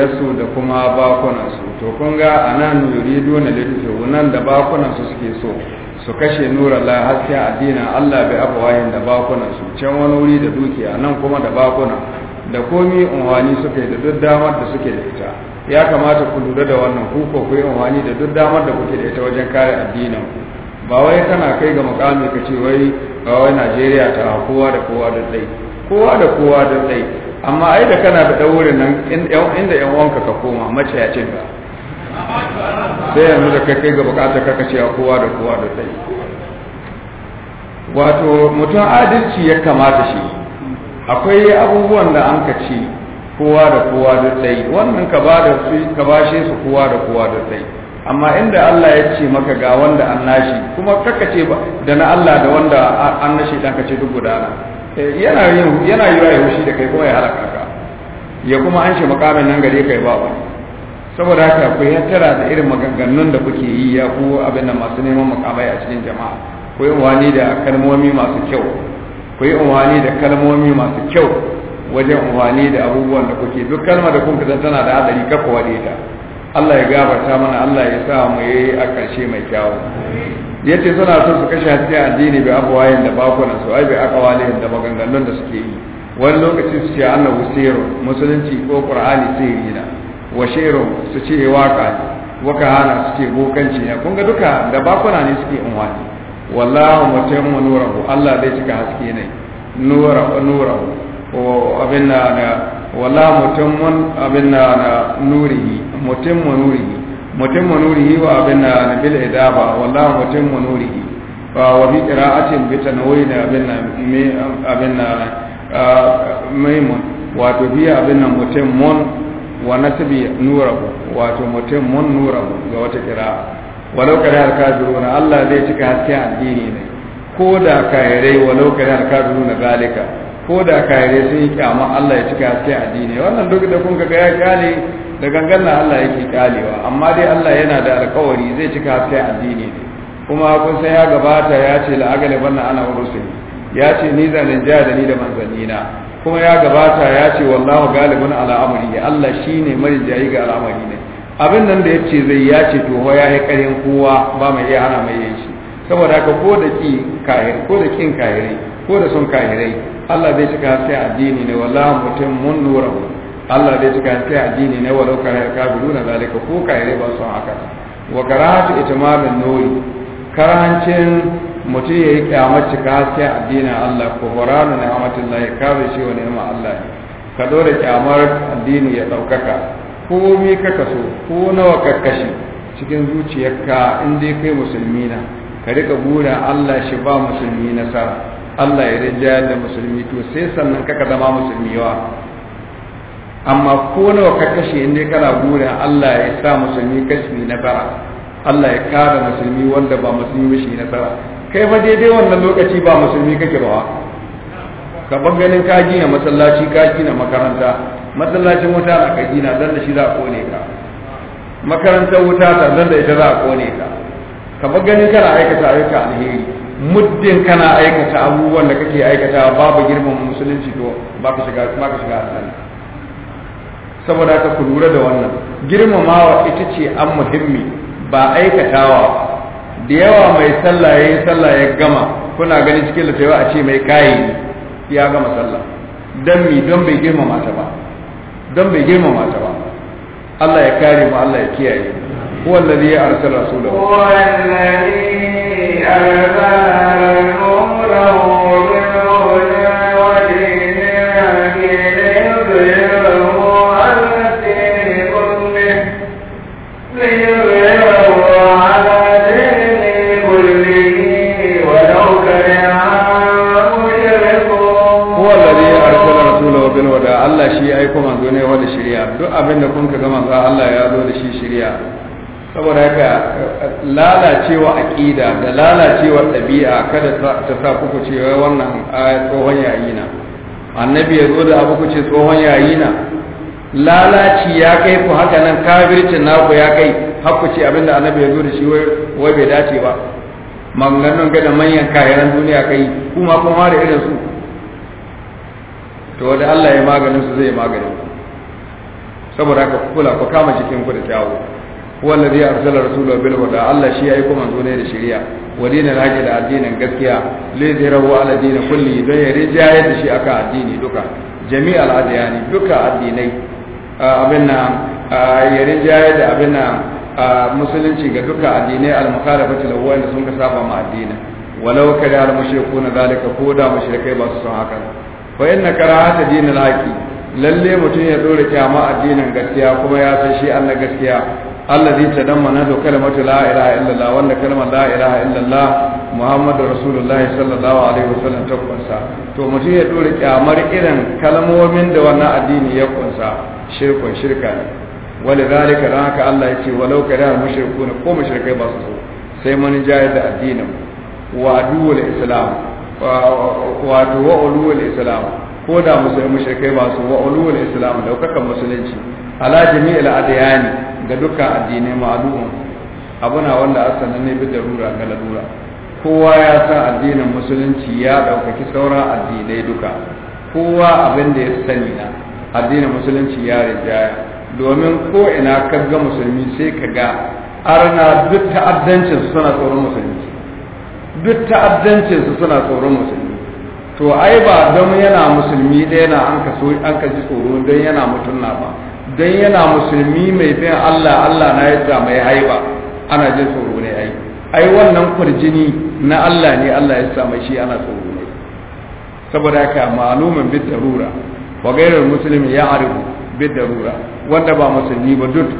su da kuma bakunansu to kun ga nan yuri dona litu nan da bakunansu suke so su kashe nura la hasken addinin Allah bai abawayin da bakunansu can wani wuri da dukiya nan kuma da bakuna da komi unwani suka yi da duk damar da suke da ita ya kamata ku lura da wannan ku ko ku yi unwani da duk damar da kuke da ita wajen kare addinin ba wai kana kai ga mukami ka ce wai ba wai Najeriya ta kowa da kowa da dai kowa da kowa da dai amma ai da kana da ɗaurin nan inda yan wanka ka koma mace ce ba sai yanzu da kai kai ga bukatar kaka cewa kowa da kowa da sai wato mutum adalci ya kamata shi akwai abubuwan da an ka kowa da kowa da sai wannan ka ba da su ka bashe su kowa da kowa da sai amma inda Allah ya ce maka ga wanda an nashi kuma kaka ce ba da na Allah da wanda an nashi dan ka ce duk gudana Eh, yana yin yana yi ya hushi da kai kuma ya halaka ka ya kuma an shi makamin nan gare kai ba wani saboda haka ku tara da irin maganganun da kuke yi ya ku abin da masu neman makamai a cikin jama'a ku yi umarni da kalmomi masu kyau ku yi umarni da kalmomi masu kyau wajen umarni da abubuwan da kuke duk kalmar da kun kasan tana da hadari kafa ta Allah ya gabata mana Allah ya sa mu yi a ƙarshe mai kyawu yace suna so su kashe haske addini bi abuwayen da bakunan su ai bi akawalin da maganganun da suke yi wani lokaci su ce annahu sirrun musulunci ko qur'ani sirri na wa shirun su ce waka waka hana su ce bokanci ne kun ga duka da bakuna ne suke wani wallahu mutammu nurahu Allah zai cika haske ne nurahu nurahu abin na wala mutummun abin na nurihi mutummun nurihi mutummun nurihi wa abin na bil idaba wala mutummun nurihi fa wa bi qira'atin bi tanwin abin na me abin na maimun wato bi abin na mutummun wa nasbi nurahu wato mutummun nurahu ga wata qira'a walau kana al-kafiruna Allah zai cika hasken addini ne ko da kayarai walau kana al-kafiruna zalika ko da kayare sun yi kyama Allah ya cika haske addini wannan duk da kun ga ya kyale da gangan Allah yake kyalewa amma dai Allah yana da alƙawari zai cika sai addini ne kuma kun sai ya gabata ya ce agale banna ana rusuli ya ce ni zanin ja da ni da na. kuma ya gabata ya ce wallahu galibun ala amri Allah shine jayi ga al'amari ne abin nan da ya ce zai ya ce to ya yi karin kowa ba mai iya ana mai yin shi saboda haka ko da ki ko da kin kahire, ko da sun kahirai Allah zai cika haske addini ne wala mutum mun nura Allah zai cika haske addini ne wala ka buru na zalika ko ka yare ba haka wa karatu itmamin nuri karancin mutum ya yi kyamar cika haske Allah ko horanu na ka bi shi wa ni'ima Allah ka dora kyamar addini ya ɗaukaka ko mi ka kaso ko nawa ka kashe cikin zuciyarka in dai kai musulmi na ka rika burin Allah shi ba musulmi nasara Allah ya rinjayar da musulmi to sai sannan kaka zama musulmi yawa amma ko nawa ka kashe dai kana gura Allah ya sa musulmi kashi bara Allah ya kare musulmi wanda ba musulmi shi na bara kai fa daidai wannan lokaci ba musulmi kake ba ka ban ganin ka gina masallaci ka gina makaranta masallacin wuta na ka gina dan da shi za a kone ka makarantar wuta ta dan da ita za a kone ka ka ban ganin kana aikata ayyuka alheri muddin kana aikata abubuwan da kake aikata babu girman musulunci to ba ka shiga ba ka shiga aljanna saboda ka ku lura da wannan girmamawa ita ce an muhimmi ba aikatawa da yawa mai sallah yayin sallah ya gama kuna ganin cikin littafi a ce mai kayi ya gama sallah dan mi don bai girmama ta ba don bai girmama ta ba Allah ya kare mu Allah ya kiyaye huwa allazi arsala rasulahu huwa allazi أبا نورا aƙida da lalacewar ɗabi'a kada ta sa kuku cewa wannan tsohon yayi na annabi ya zo da abu ku ce tsohon yayi lalaci ya kai ku haka nan kafircin naku ya kai har ku ce abinda annabi ya zo da shi wai bai dace ba maganganun ga da manyan kayan duniya kai kuma kun fara irin su to da Allah ya maganin su zai maganin saboda haka kula ku kama jikin ku da tawo wallazi arsala rasulahu bil huda Allah shi yayi kuma zo ne da shari'a wa dinil haqqi da addinin gaskiya li zirahu ala din kulli don ya rijaye da shi aka addini duka jami'al adiyani duka addinai abin nan ya rijaye da abin musulunci ga duka addinai al-mukhalafati lahu wanda sun ka saba ma addinin walau kada al-mushrikuna zalika ko da mushrikai ba su son haka fa inna karahata dinil haqqi lalle mutum ya dore kyama addinin gaskiya kuma ya san shi Allah gaskiya allazi tadammana da kalimatu la ilaha illallah wanda kalmar la ilaha illallah muhammadu rasulullahi sallallahu alaihi wasallam ta kunsa to mutum ya dore kyamar irin kalmomin da wannan addini ya kunsa shirkun shirka ne wani zalika don haka Allah ya ce walau ka da mushriku ne ko mushrikai ba su so sai mun jayar da addinin wa islam wa wa ulul islam ko da musulmi mushrikai ba su wa ulul islam daukakan musulunci ala jami'il adiyani ga dukkan addinai ma'alu'un abuna wanda asali ne bi darura ga lalura kowa ya san addinin musulunci ya ɗaukaki sauran addinai duka kowa abin da ya sani na addinin musulunci ya rijaya domin ko ina ka ga musulmi sai ka ga arna duk ta'addancin suna tsoron musulmi duk ta'addancin su suna tsoron musulmi to ai ba don yana musulmi da yana an ka ji tsoro don yana mutum na ba don yana musulmi mai bin Allah Allah na yadda mai haiba ana jin tsoro ne ai ai wannan kurjini na Allah ne Allah ya sa shi ana tsoro ne saboda haka malumin bid darura wa gairar muslimi ya arifu bid darura wanda ba musulmi ba duk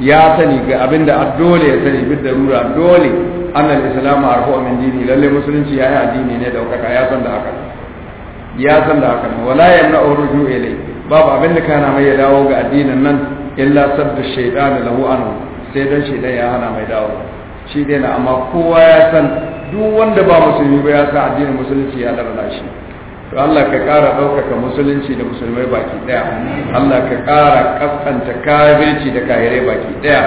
ya sani ga abinda dole ya sani bid darura dole annal islam arhu min dini lalle musulunci yayi addini ne daukaka ya san da haka ya san da haka wala yamna urju ilayhi babu abin da kana mai ya dawo ga addinin nan illa sabda shaytan lahu anhu sai dan shaida ya hana mai dawo shi dai na amma kowa ya san duk wanda ba musulmi ba ya san addinin musulunci ya dara shi to Allah ka ƙara ɗaukaka musulunci da musulmai baki ɗaya Allah ka kara ƙasƙanta kafirci da kahirai baki ɗaya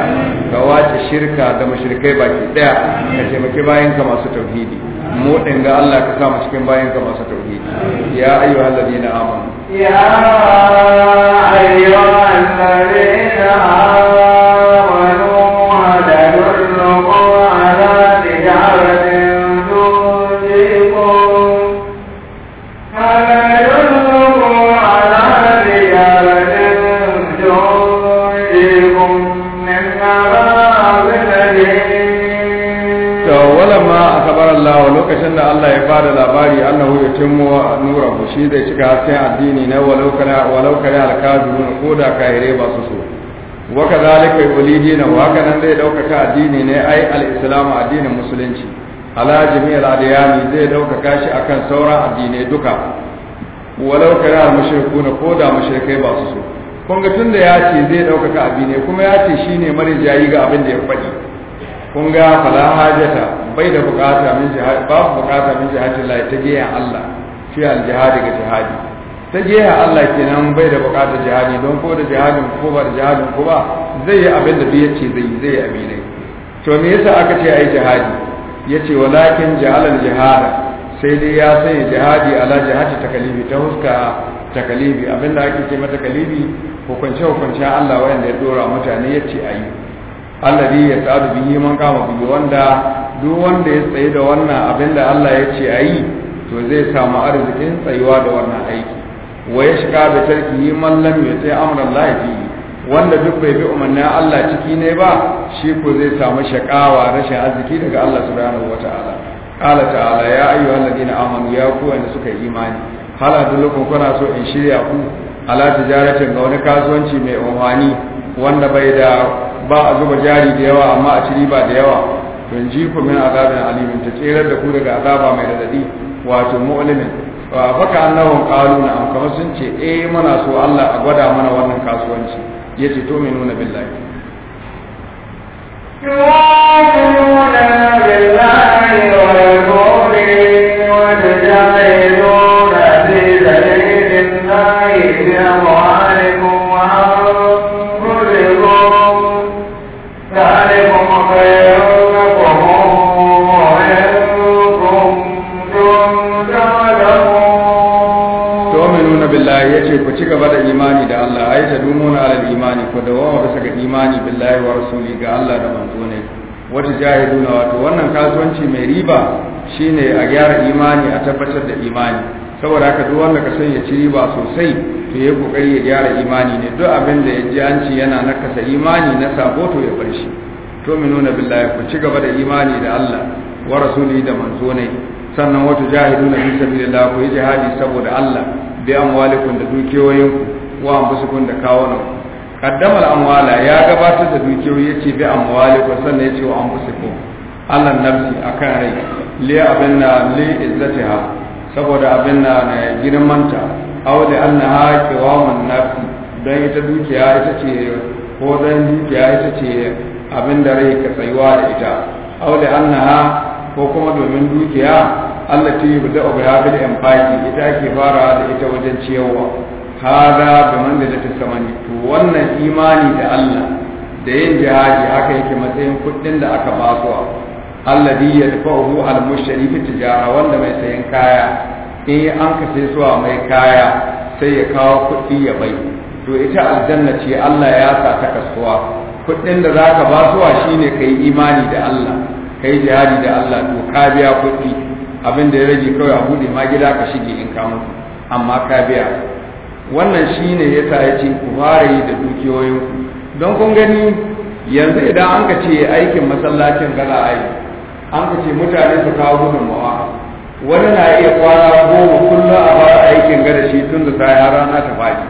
ka wace shirka da mushrikai baki ɗaya ka taimaki bayanka masu tauhidi mu ga Allah ka kama cikin bayan ka masu tauhidi ya ayyuhal ladina amanu ya lokacin da Allah ya bada labari annahu nura ku, shi zai cika hasken addini na walau kana walau kana alkazirun ko da kahire ba su so wa kadhalika yulidi na wa kana zai daukaka addini ne ai al-islam addinin musulunci ala jami'il adiyani zai daukaka shi akan sauran addinai duka walau kana al-mushrikuna ko da mushrikai ba su so kun ga tunda ya ce zai daukaka addini kuma ya ce shine marijayi ga abin da ya faɗi kun ga fala hajata bai da bukata min ba babu bukata min jihadi Allah ta jiya Allah fi al jihadi ga jihadi ta jiya Allah kenan bai da bukata jihadi don ko da jihadin ko ba da jihadin ko ba zai yi abin da bai ce zai zai yi abin to me yasa aka ce ai jihadi yace walakin al jihad sai dai ya sai jihadi ala jihadi takalibi ta huska takalifi abinda ake ce mata takalifi hukunce hukunce Allah wanda ya dora mutane yace ayi alladhi yas'adu bihi man qama bihi wanda duk wanda ya tsaye da wannan abin da Allah ya ce ayi to zai samu arzikin tsayuwa da wannan aiki wa yashqa bi tarkihi man lam yuti Allah bi wanda duk bai bi umarnin Allah ciki ne ba shi ko zai samu shakawa rashin arziki daga Allah subhanahu wataala qala ta'ala ya ayyuhalladhina amanu ya ku wanda suka yi imani hala dukkan kuna so in shirya ku ala tijaratin ga wani kasuwanci mai umhani wanda bai da ba a zuba jari da yawa amma a ci ba da yawa don ji ku min azabin alimin ta tserar da ku daga azaba mai radadi wato mu'limin wa faka annahu qalu na am kamar sun ce eh muna so Allah a gwada mana wannan kasuwanci yace to mai nuna billahi yu'minuna billahi wal mu'minin jahiduna wato wannan kasuwanci mai riba shine a gyara imani a tabbatar da imani saboda haka duk wanda ka san ya ci riba sosai to ya kokari ya gyara imani ne duk abin da ya ji an yana nakasa imani na sabo to ya bar shi to nuna billahi ku ci gaba da imani da Allah wa rasuli da manzo ne sannan wato jahiduna fi sabilillah ku yi jihadi saboda Allah bi amwalikum da dukiyoyinku wa ambusukun da kawunanku qaddama amwala ya gabatar da dukiyoyi yace bi amwali ko sannan yace wa anfusikum Allah nafsi akan rai li abinna li izzatiha saboda abinna na girmanta aw da annaha kiwamun nafsi dan ita dukiya ita ce ko dan dukiya ita ce abin da rai ka tsayuwa da ita aw da annaha ko kuma domin dukiya Allah ta yi bada obi hafi da ita ke fara da ita wajen ciyarwa hada bi manzilati samani to wannan imani da Allah da yin jihadi aka yake matsayin kuɗin da aka ba su alladhi yadfa'uhu al-mushtari fi tijara wanda mai sayan kaya in an ka suwa mai kaya sai ya kawo kuɗi ya bai to ita aljanna ce Allah ya sa ta kasuwa kuɗin da zaka ba suwa shine kai imani da Allah kai jihadi da Allah to ka biya kuɗi abin da ya rage kawai a bude ma gida ka shige in ka amma ka biya wannan shi ne ya sa ya ce ku fara yi da dukiyoyinku don kun gani yanzu idan an ka ce aikin masallacin gaza a yi an ka ce mutane su kawo gudunmawa wani na iya kwana goma kullum a fara aikin gada shi tun da sai har rana ta faɗi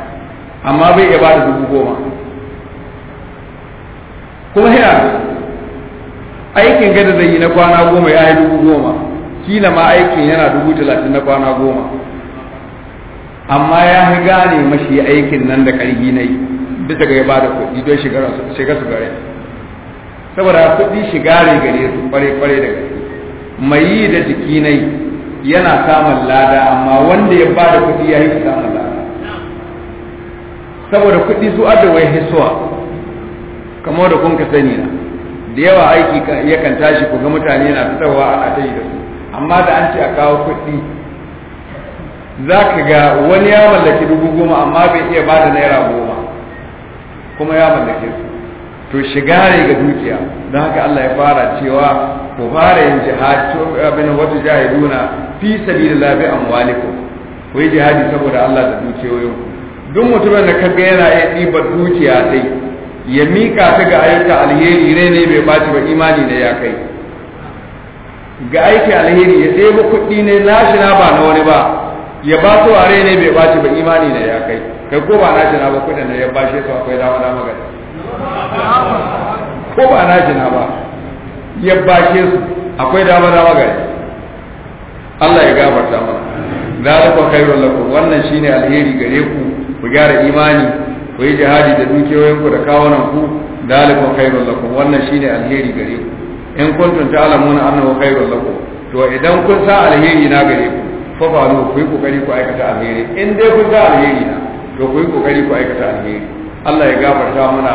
amma bai iya ba da dubu goma kuma ya aikin gada zai yi na kwana goma ya yi dubu goma kila ma aikin yana dubu talatin na kwana goma amma ya fi gane mashi aikin nan da ƙarfi na yi bisa ga ya ba da kuɗi don shiga su gare saboda kuɗi shiga ne gare su kware-kware da gare mai yi da jiki na yi yana samun lada amma wanda ya ba da kuɗi ya yi samun lada saboda kuɗi su adawai hisuwa kamar da kun ka sani na da yawa aiki yakan tashi ku ga mutane na fitarwa a tayi da su amma da an ce a kawo kuɗi za ka ga wani ya mallaki dubu goma amma bai iya ba da naira goma kuma ya mallake su to shiga ne ga dukiya don haka Allah ya fara cewa ku fara yin jihad to abin wata duna fi sabilillah bi amwalikum ku yi jihadi saboda Allah da dukiyoyin duk mutumin da kaga yana iya ɗiba dukiya dai ya mika ta ga ayyuka alheri ne ne bai baci ba imani da ya kai ga aiki alheri ya ɗebo kuɗi ne lashina ba na wani ba ya ba su a rai ne bai baci ba imani ne ya kai kai ko ba na jina ba kudin da ya shi su akwai dama dama gari ko ba na jina ba ya shi su akwai dama dama gari Allah ya gafarta mana zalika khairul lafi wannan shi ne alheri gare ku ku gyara imani ku yi jihadi da dukiyoyin ku da kawunan ku zalika khairul lakum wannan shine alheri gare ku in kuntum ta'lamuna annahu khairul lakum to idan kun sa alheri na gare ku fa faru ku yi kokari ku aikata alheri in dai kun ga alheri na to ku yi kokari ku aikata alheri Allah ya gafarta mana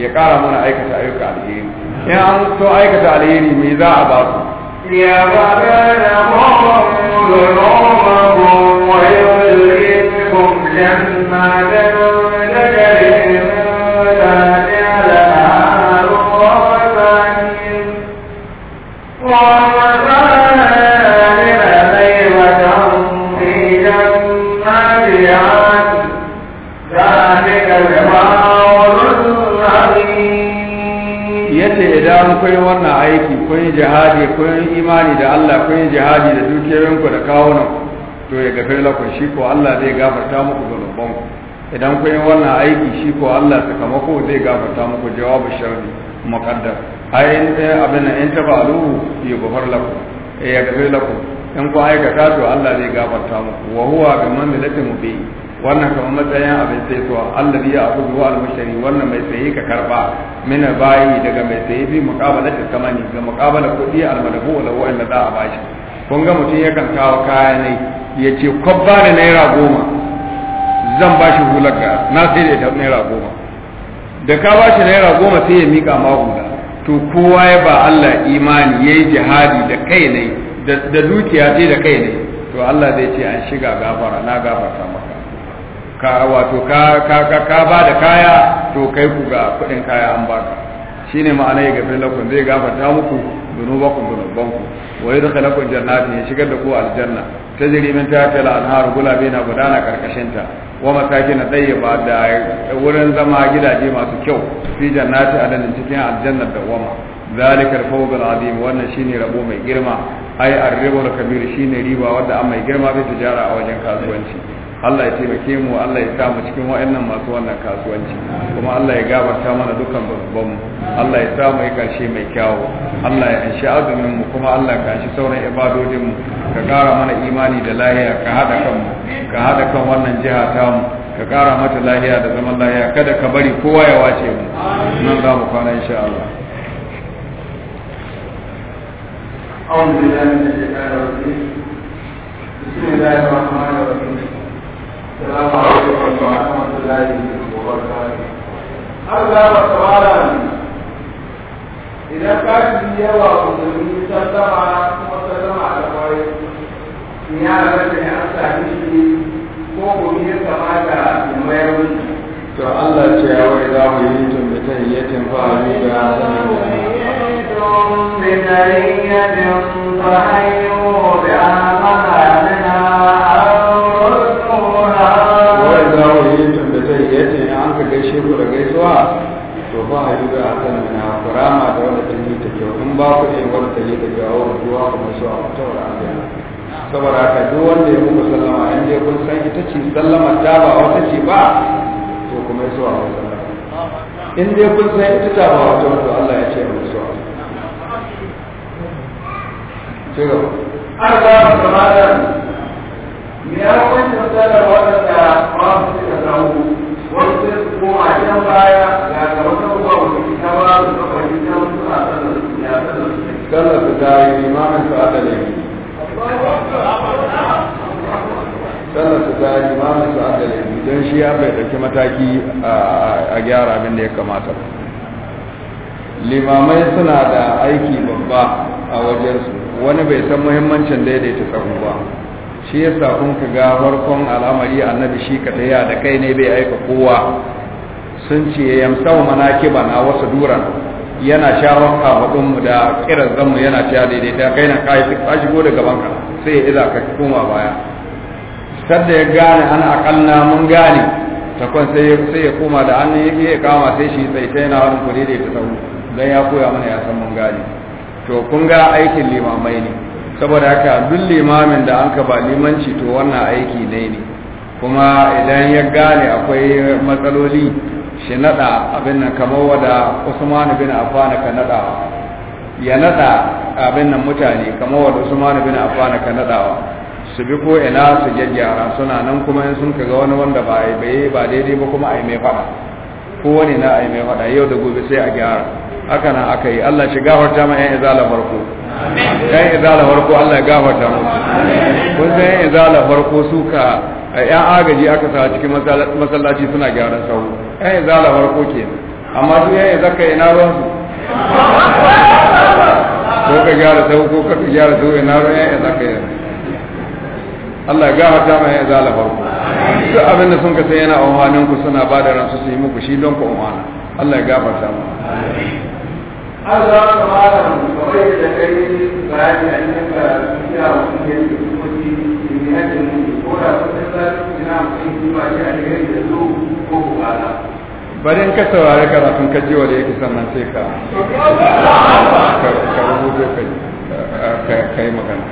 ya kara mana aikata ayyuka alheri in an so aikata alheri me za a ba ku ya ba da rahmatun wa yawmal jannatan bayan kun yi wannan aiki kun yi jihadi kun yi imani da Allah kun yi jihadi da dukiyoyinku da nan to ya gafe lakon shi ko Allah zai gafarta muku zanubanku idan kun yi wannan aiki shi ko Allah sakamako zai gafarta muku jawabu sharri muqaddar ai in eh, abin in tabalu yughfar lakum eh, ya gafe lakum in ku aikata to Allah zai gafarta muku wa huwa bi manzilatin mubin wannan kamar matsayin abin sai to Allah ya abu wa al-mushari wannan mai sayi ka karba mina bayi daga mai sayi bi muqabalati tamani ga muqabala kudi al-madabu wala wa inda za a bashi kun ga mutum ya kawo kaya ne ya ce kwabba da naira goma zan bashi hular ga na sai da naira goma da ka bashi naira goma sai ya mika ma hula to kowa ya ba Allah imani yayi jihadi da kai ne da dukiya ce da kai ne to Allah zai ce an shiga gafara na gafarta maka ka wato ka ka ka ba da kaya to kai ku ga kuɗin kaya an baka shine ma'ana ya gafir lakum zai gafarta muku dunubakum dunubanku wa yadkhulukum jannatin ya shigar da ku aljanna ta min tahtiha al gulabe na gudana karkashin ta wa masakin ba da wurin zama gidaje masu kyau fi jannati a adanin cikin aljannar wama ذلك الفوز azim wannan shine rabo mai girma ai arribul kabir shine riba wanda an mai girma bai tijara a wajen kasuwanci Allah ya taimake mu Allah ya sa mu cikin wa'annan masu wannan kasuwanci kuma Allah ya gabata mana dukkan babban mu Allah ya sa mu yi karshe mai kyawu Allah ya anshi azumin mu kuma Allah ka sauran ibadodin mu ka kara mana imani da lahiya ka hada kan mu ka hada kan wannan jiha ta mu ka kara mata lahiya da zaman lahiya kada ka bari kowa ya wace mu nan za mu kwana insha Allah أعوذ بالله من الشيطان الرجيم بسم الله الرحمن الرحيم Allah ba tsawara idan ka yawa musulmi ta sama kuma ta ko Allah ce ya wai za mu gaishe da gaisuwa to ba a yi a kan na kurama da wanda ta yi ta kyau in ba ku ne wanda ta yi ta kyau zuwa ruwa kuma su a wata wura a saboda ka duk wanda ya muku sallama in dai kun san ita ce sallama ta ba wata ce ba to kuma su a wata in dai kun san ita ta ba wata wata Allah ya ce mu su a ci gaba an ba su kamar ya kwanta da waɗanda ba su da samu wasu kuma can baya ga gaban kan ba mu ta ba su ka fahimci ta wasu a sallar su ya sallar ta yi limamin su aka ne sallar su ta yi limamin su aka ne don shi ya bai ɗauki mataki a gyara abin da ya kamata limamai suna da aiki babba a wajensu wani bai san muhimmancin daidaita tsaho ba shi yasa kun ka ga farkon al'amari annabi shi ka taya da kai ne bai aika kowa sun ce yamsau kiba na wasu duran yana sha wanka mu da kiran zanmu yana cewa daidai ta kai na kai ka shigo da gaban ka sai ya iza ka koma baya sadda ya gane ana akalla mun gane kwan sai ya koma da an ya kama sai shi sai sai na wani kudi da ya fi sauri don ya koya mana ya san mun gane to kun ga aikin limamai ne saboda haka duk limamin da an ka ba limanci to wannan aiki ne ne kuma idan ya gane akwai matsaloli shi nada abin nan kamar wada Usman bin Affan ka nada ya nada abin nan mutane kamar wada Usman bin Affan ka nada su bi ko ina su jajjara suna nan kuma in sun kaga wani wanda ba ai bai ba daidai ba kuma ai mai fada ko wani na ai mai fada yau da gobe sai a gyara haka nan aka yi Allah shi gafarta ma yan izala farko yan izala farko Allah ya gafarta mu. kun san yan izala farko suka yan agaji aka sa cikin masallaci suna gyaran sauro yan izala farko kenan amma su yan izaka ina ruwan su ko ka gyara sauro ko ka gyara sauro ina ruwan yan izaka yana Allah ya gafarta mu yan izala farko duk abin da sun ka sai yana amfanin ku suna ba da ransu su yi muku shi don ku amfana Allah ya gafarta mu har za ka fara kawai ko da shi a da ko bari in ka saurari karatun ka ji wanda yake sannan ka ka rubuto ka yi magana.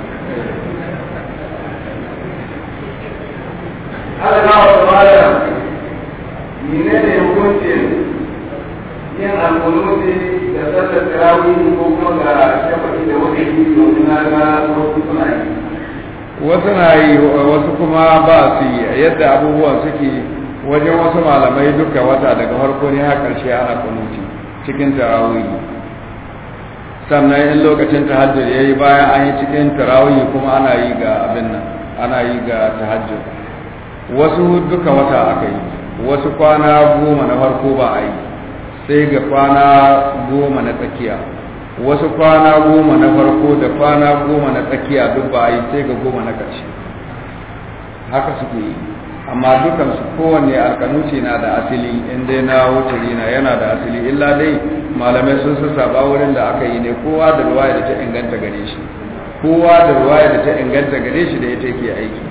Allah na wasu mara menene hukuncin yin alƙunuti ko kuma ga da ga wasu wasu na yi wasu kuma ba su yi yadda abubuwan suke wajen wasu malamai duka wata daga farko ne har karshe ana kunuti cikin tarawiyi sannan in lokacin tahajjud ya yi bayan an yi cikin tarawiyi kuma ana yi ga abin nan ana yi ga tahajjud wasu duka wata aka yi wasu kwana goma na farko ba a yi sai ga kwana goma na tsakiya wasu kwana goma na farko da kwana goma na tsakiya duk ba a yi sai ga goma na ƙarshe haka suke yi amma dukan su kowanne alkanuci na da asili in dai na wuce na yana da asili illa dai malamai sun saba wurin da aka yi ne kowa da ruwaya da ta inganta gare shi kowa da ruwaya da ta inganta gare shi da ita take aiki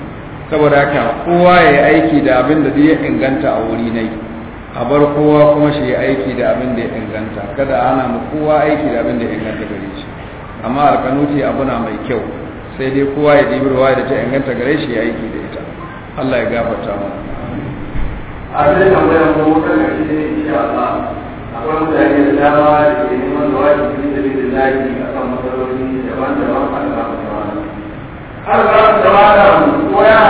saboda haka kowa ya yi aiki da abin da zai inganta a wuri na yi a bar kowa kuma shi yi aiki da abin da ya inganta kada ana mu kowa aiki da abin da ya inganta gare shi amma alkanuti abu na mai kyau sai dai kowa ya yi ruwa da ta inganta gare shi ya aiki da ita Allah ya gafarta mu a zai tambaya ko mutum shi ne insha Allah akwai mutane da ke neman da da da a kan matsaloli daban-daban a har za da mu ya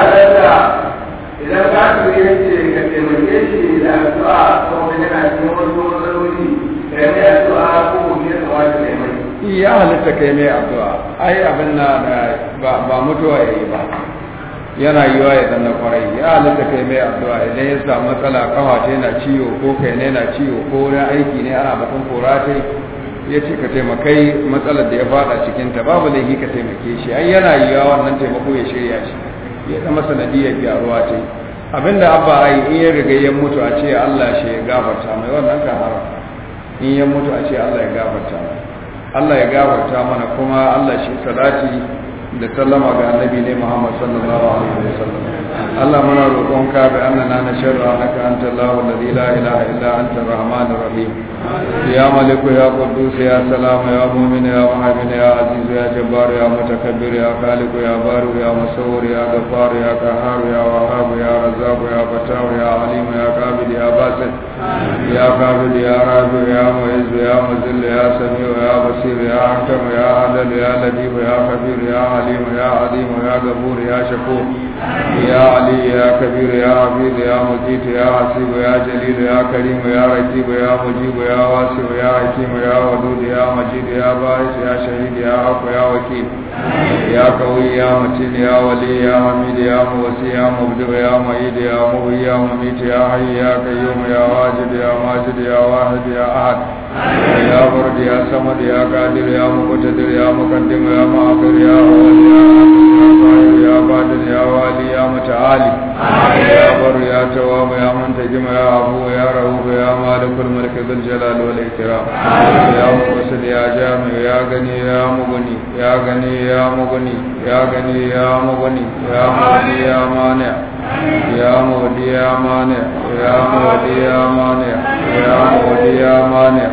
idan yi ya halitta kai mai addu'a ai abin na ba mutuwa ya yi ba yana yi wa ya na kwarai ya halitta kai mai addu'a idan ya samu matsala kawa na ciwo ko kai ne yana ciwo ko wurin aiki ne ana batun kora ta ya ce ka taimakai matsalar da ya fada cikin ta babu laifi ka taimake shi ai yana yi wannan taimako ya shirya shi ya zama sanadiyar gyaruwa ta abinda abba ai in ya riga ya mutu a ce Allah shi ya gafarta mai wannan ka haram in ya mutu a ce Allah ya gafarta mai Allah ya gafarta mana kuma Allah shi salati da sallama ga annabi ne Muhammad sallallahu alaihi wasallam Allah muna roƙonka bi annana na nasharu annaka anta Allahu alladhi la ilaha illa anta arrahmanur rahim ya maliku ya quddus ya salam ya mu'min ya muhaimin ya aziz ya jabbar ya mutakabbir ya khaliq ya baru ya musawwir ya ghaffar ya qahhar ya wahhab ya razzaq ya fatah ya alim ya qabid ya basit ya qabid ya rafi ya muiz ya muzill ya samiu ya basir ya hakim ya adil ya latif ya khabir ya عليم يا عظيم يا غفور يا شكور يا علي يا كبير يا عبيد يا مجيد يا عسيب يا جليل يا كريم يا رقيب يا مجيب يا واسع يا حكيم يا ودود يا مجيد يا باعث يا شهيد يا حق يا وكيل يا قوي يا متين يا ولي يا حميد يا موسي يا مبدع يا معيد يا مغي يا مميت يا حي يا قيوم يا واجد يا ماجد يا واحد يا احد ya fardi ya sama ya gadir ya mubatadir ya mukaddim ya ma'afir ya wali ya ma'afir ya badir ya wali ya muta'ali ya bar ya tawam ya muntajim ya abu ya rahuf ya malikul mulk bil jalal wal ya muwassil ya jami ya gani ya ya gani ya muguni ya gani ya muguni ya mani ya Ya modiya mane, ya modiya mane, ya modiya mane,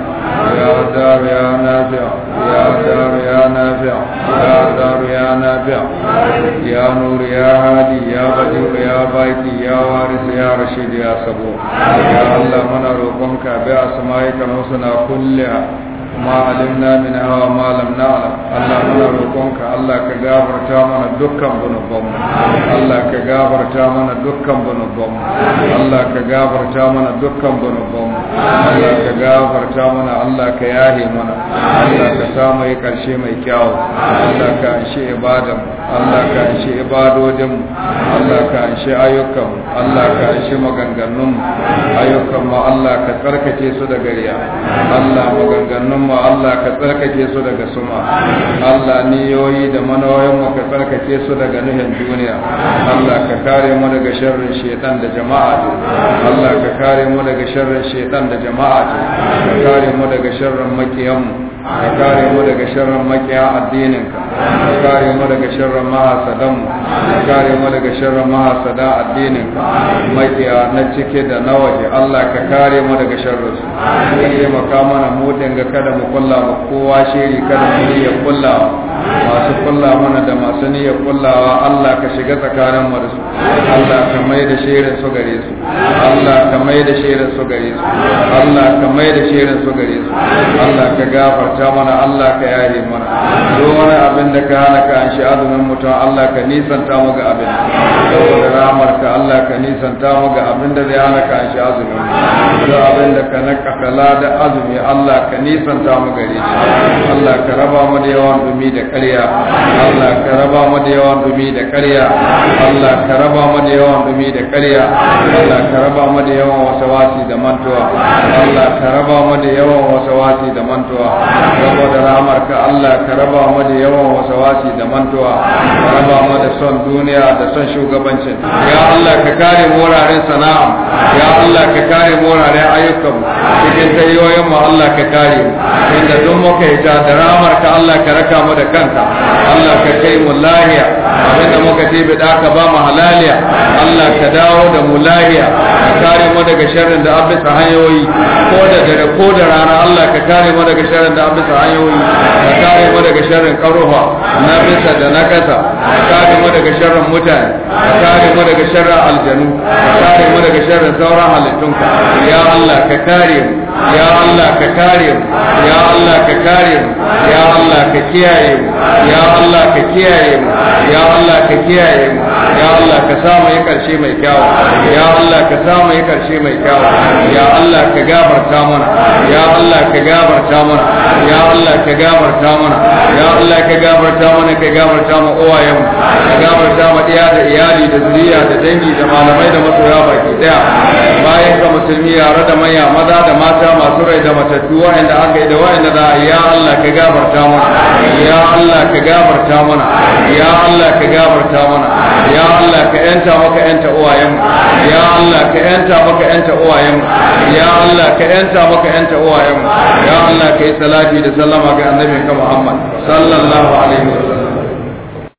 ya dariya na fiya, ya dariya na fiya, ya dariya na fiya, ya nuri ya hadi, ya baji, ya baiti, ya wari, ya rashidi, ya sabo. Ya Allah mana roƙonka bi a samayi na kulliya. ma alimna min hawa ma lam Allah muna roƙonka Allah ka gafarta mana dukkan zunubanmu Allah ka gafarta mana dukkan zunubanmu Allah ka gafarta mana dukkan zunubanmu Allah ka gafarta mana Allah ka yahe mana Allah ka sa mai karshe mai kyawu Allah ka anshi ibadan Allah ka anshi ibadodin Allah ka anshi ayyukan Allah ka maganganun Allah ka su da gariya Allah mu Allah ka tsarkake su daga suma Allah niyoyi da manoyin ka tsarkake su daga nuhin duniya Allah ka kare mu daga sharrin shaitan da jama'a Allah ka kare mu daga sharrin shaitan da jama'a ka kare mu daga sharrin makiyan ka kare mu daga sharrin makiya addininka ka kare mu daga sharrin mahasadan mu ka kare mu daga sharrin mahasada addininka makiya na cike da na waje Allah ka kare mu daga sharrin su ka taimaka mana mu dinga kada mu kulla mu kowa shiri kada mu niyya kullawa masu kulla mana da masu niyya kullawa Allah ka shiga tsakanin mu da su Allah ka mai da shirin su gare su Allah ka mai da shirin su gare su Allah ka mai da shirin su gare su Allah ka gafarta gafarta mana Allah ka yaye mana duk wani abin da ka hana ka an shi azumin mutum Allah ka nisanta mu ga abin saboda rahmar ka Allah ka nisanta mu ga abin da zai hana ka an shi azumin duk abin da ka naka kala da azumi Allah ka nisanta mu gare shi Allah ka raba mu da yawan dumi da ƙarya Allah ka raba mu da yawan dumi da ƙarya Allah ka raba mu da yawan dumi da ƙarya Allah ka raba mu da yawan wasawasi da mantuwa Allah ka raba mu da yawan wasawasi da mantuwa saboda rahamarka Allah ka raba mu da yawan wasawasi da mantuwa ka raba mu da son duniya da son shugabancin ya Allah ka kare mu wuraren sana'a ya Allah ka kare mu wuraren ayyukan mu cikin tayoyin mu Allah ka kare mu inda duk muka yi ta da rahamarka Allah ka raka mu da kanka Allah ka kai mu lahiya Abin da muka tibi da ka ba mu halaliya Allah ka dawo da mu lahiya ka kare mu daga sharrin da abisa hanyoyi ko da dare ko da rana Allah ka kare mu daga sharrin da bisa hanyoyi ka kare mu daga sharrin karuwa na bisa da na kasa ka kare mu daga sharrin mutane ka kare mu daga sharrin aljanu ka kare mu daga sharrin sauran halittunka ya Allah ka kare mu ya Allah ka kare mu ya Allah ka kare mu ya Allah ka kiyaye mu ya Allah ka kiyaye mu ya Allah ka kiyaye mu ya Allah ka sa mu yi karshe mai kyau ya Allah ka sa mu yi karshe mai kyau ya Allah ka gabarta mana ya Allah ka gabarta mana ya Allah ka gabarta mana ya Allah ka gabarta mana ka gabarta mu uwayen mu ka gabarta mu iya da iyali da zuriya da dangi da malamai da masoya baki daya bayan ka musulmi yare da maya maza da mata mata masu rai da matattu wa'anda aka yi da wa'anda da ya Allah ka gabarta mana ya Allah ka gabarta mana ya Allah ka gabarta mana ya Allah ka yanta maka yanta uwayen ya Allah ka yanta maka yanta uwayen ya Allah ka yanta maka yanta uwayen ya Allah ka yi salati da sallama ga ka Muhammad sallallahu alaihi wasallam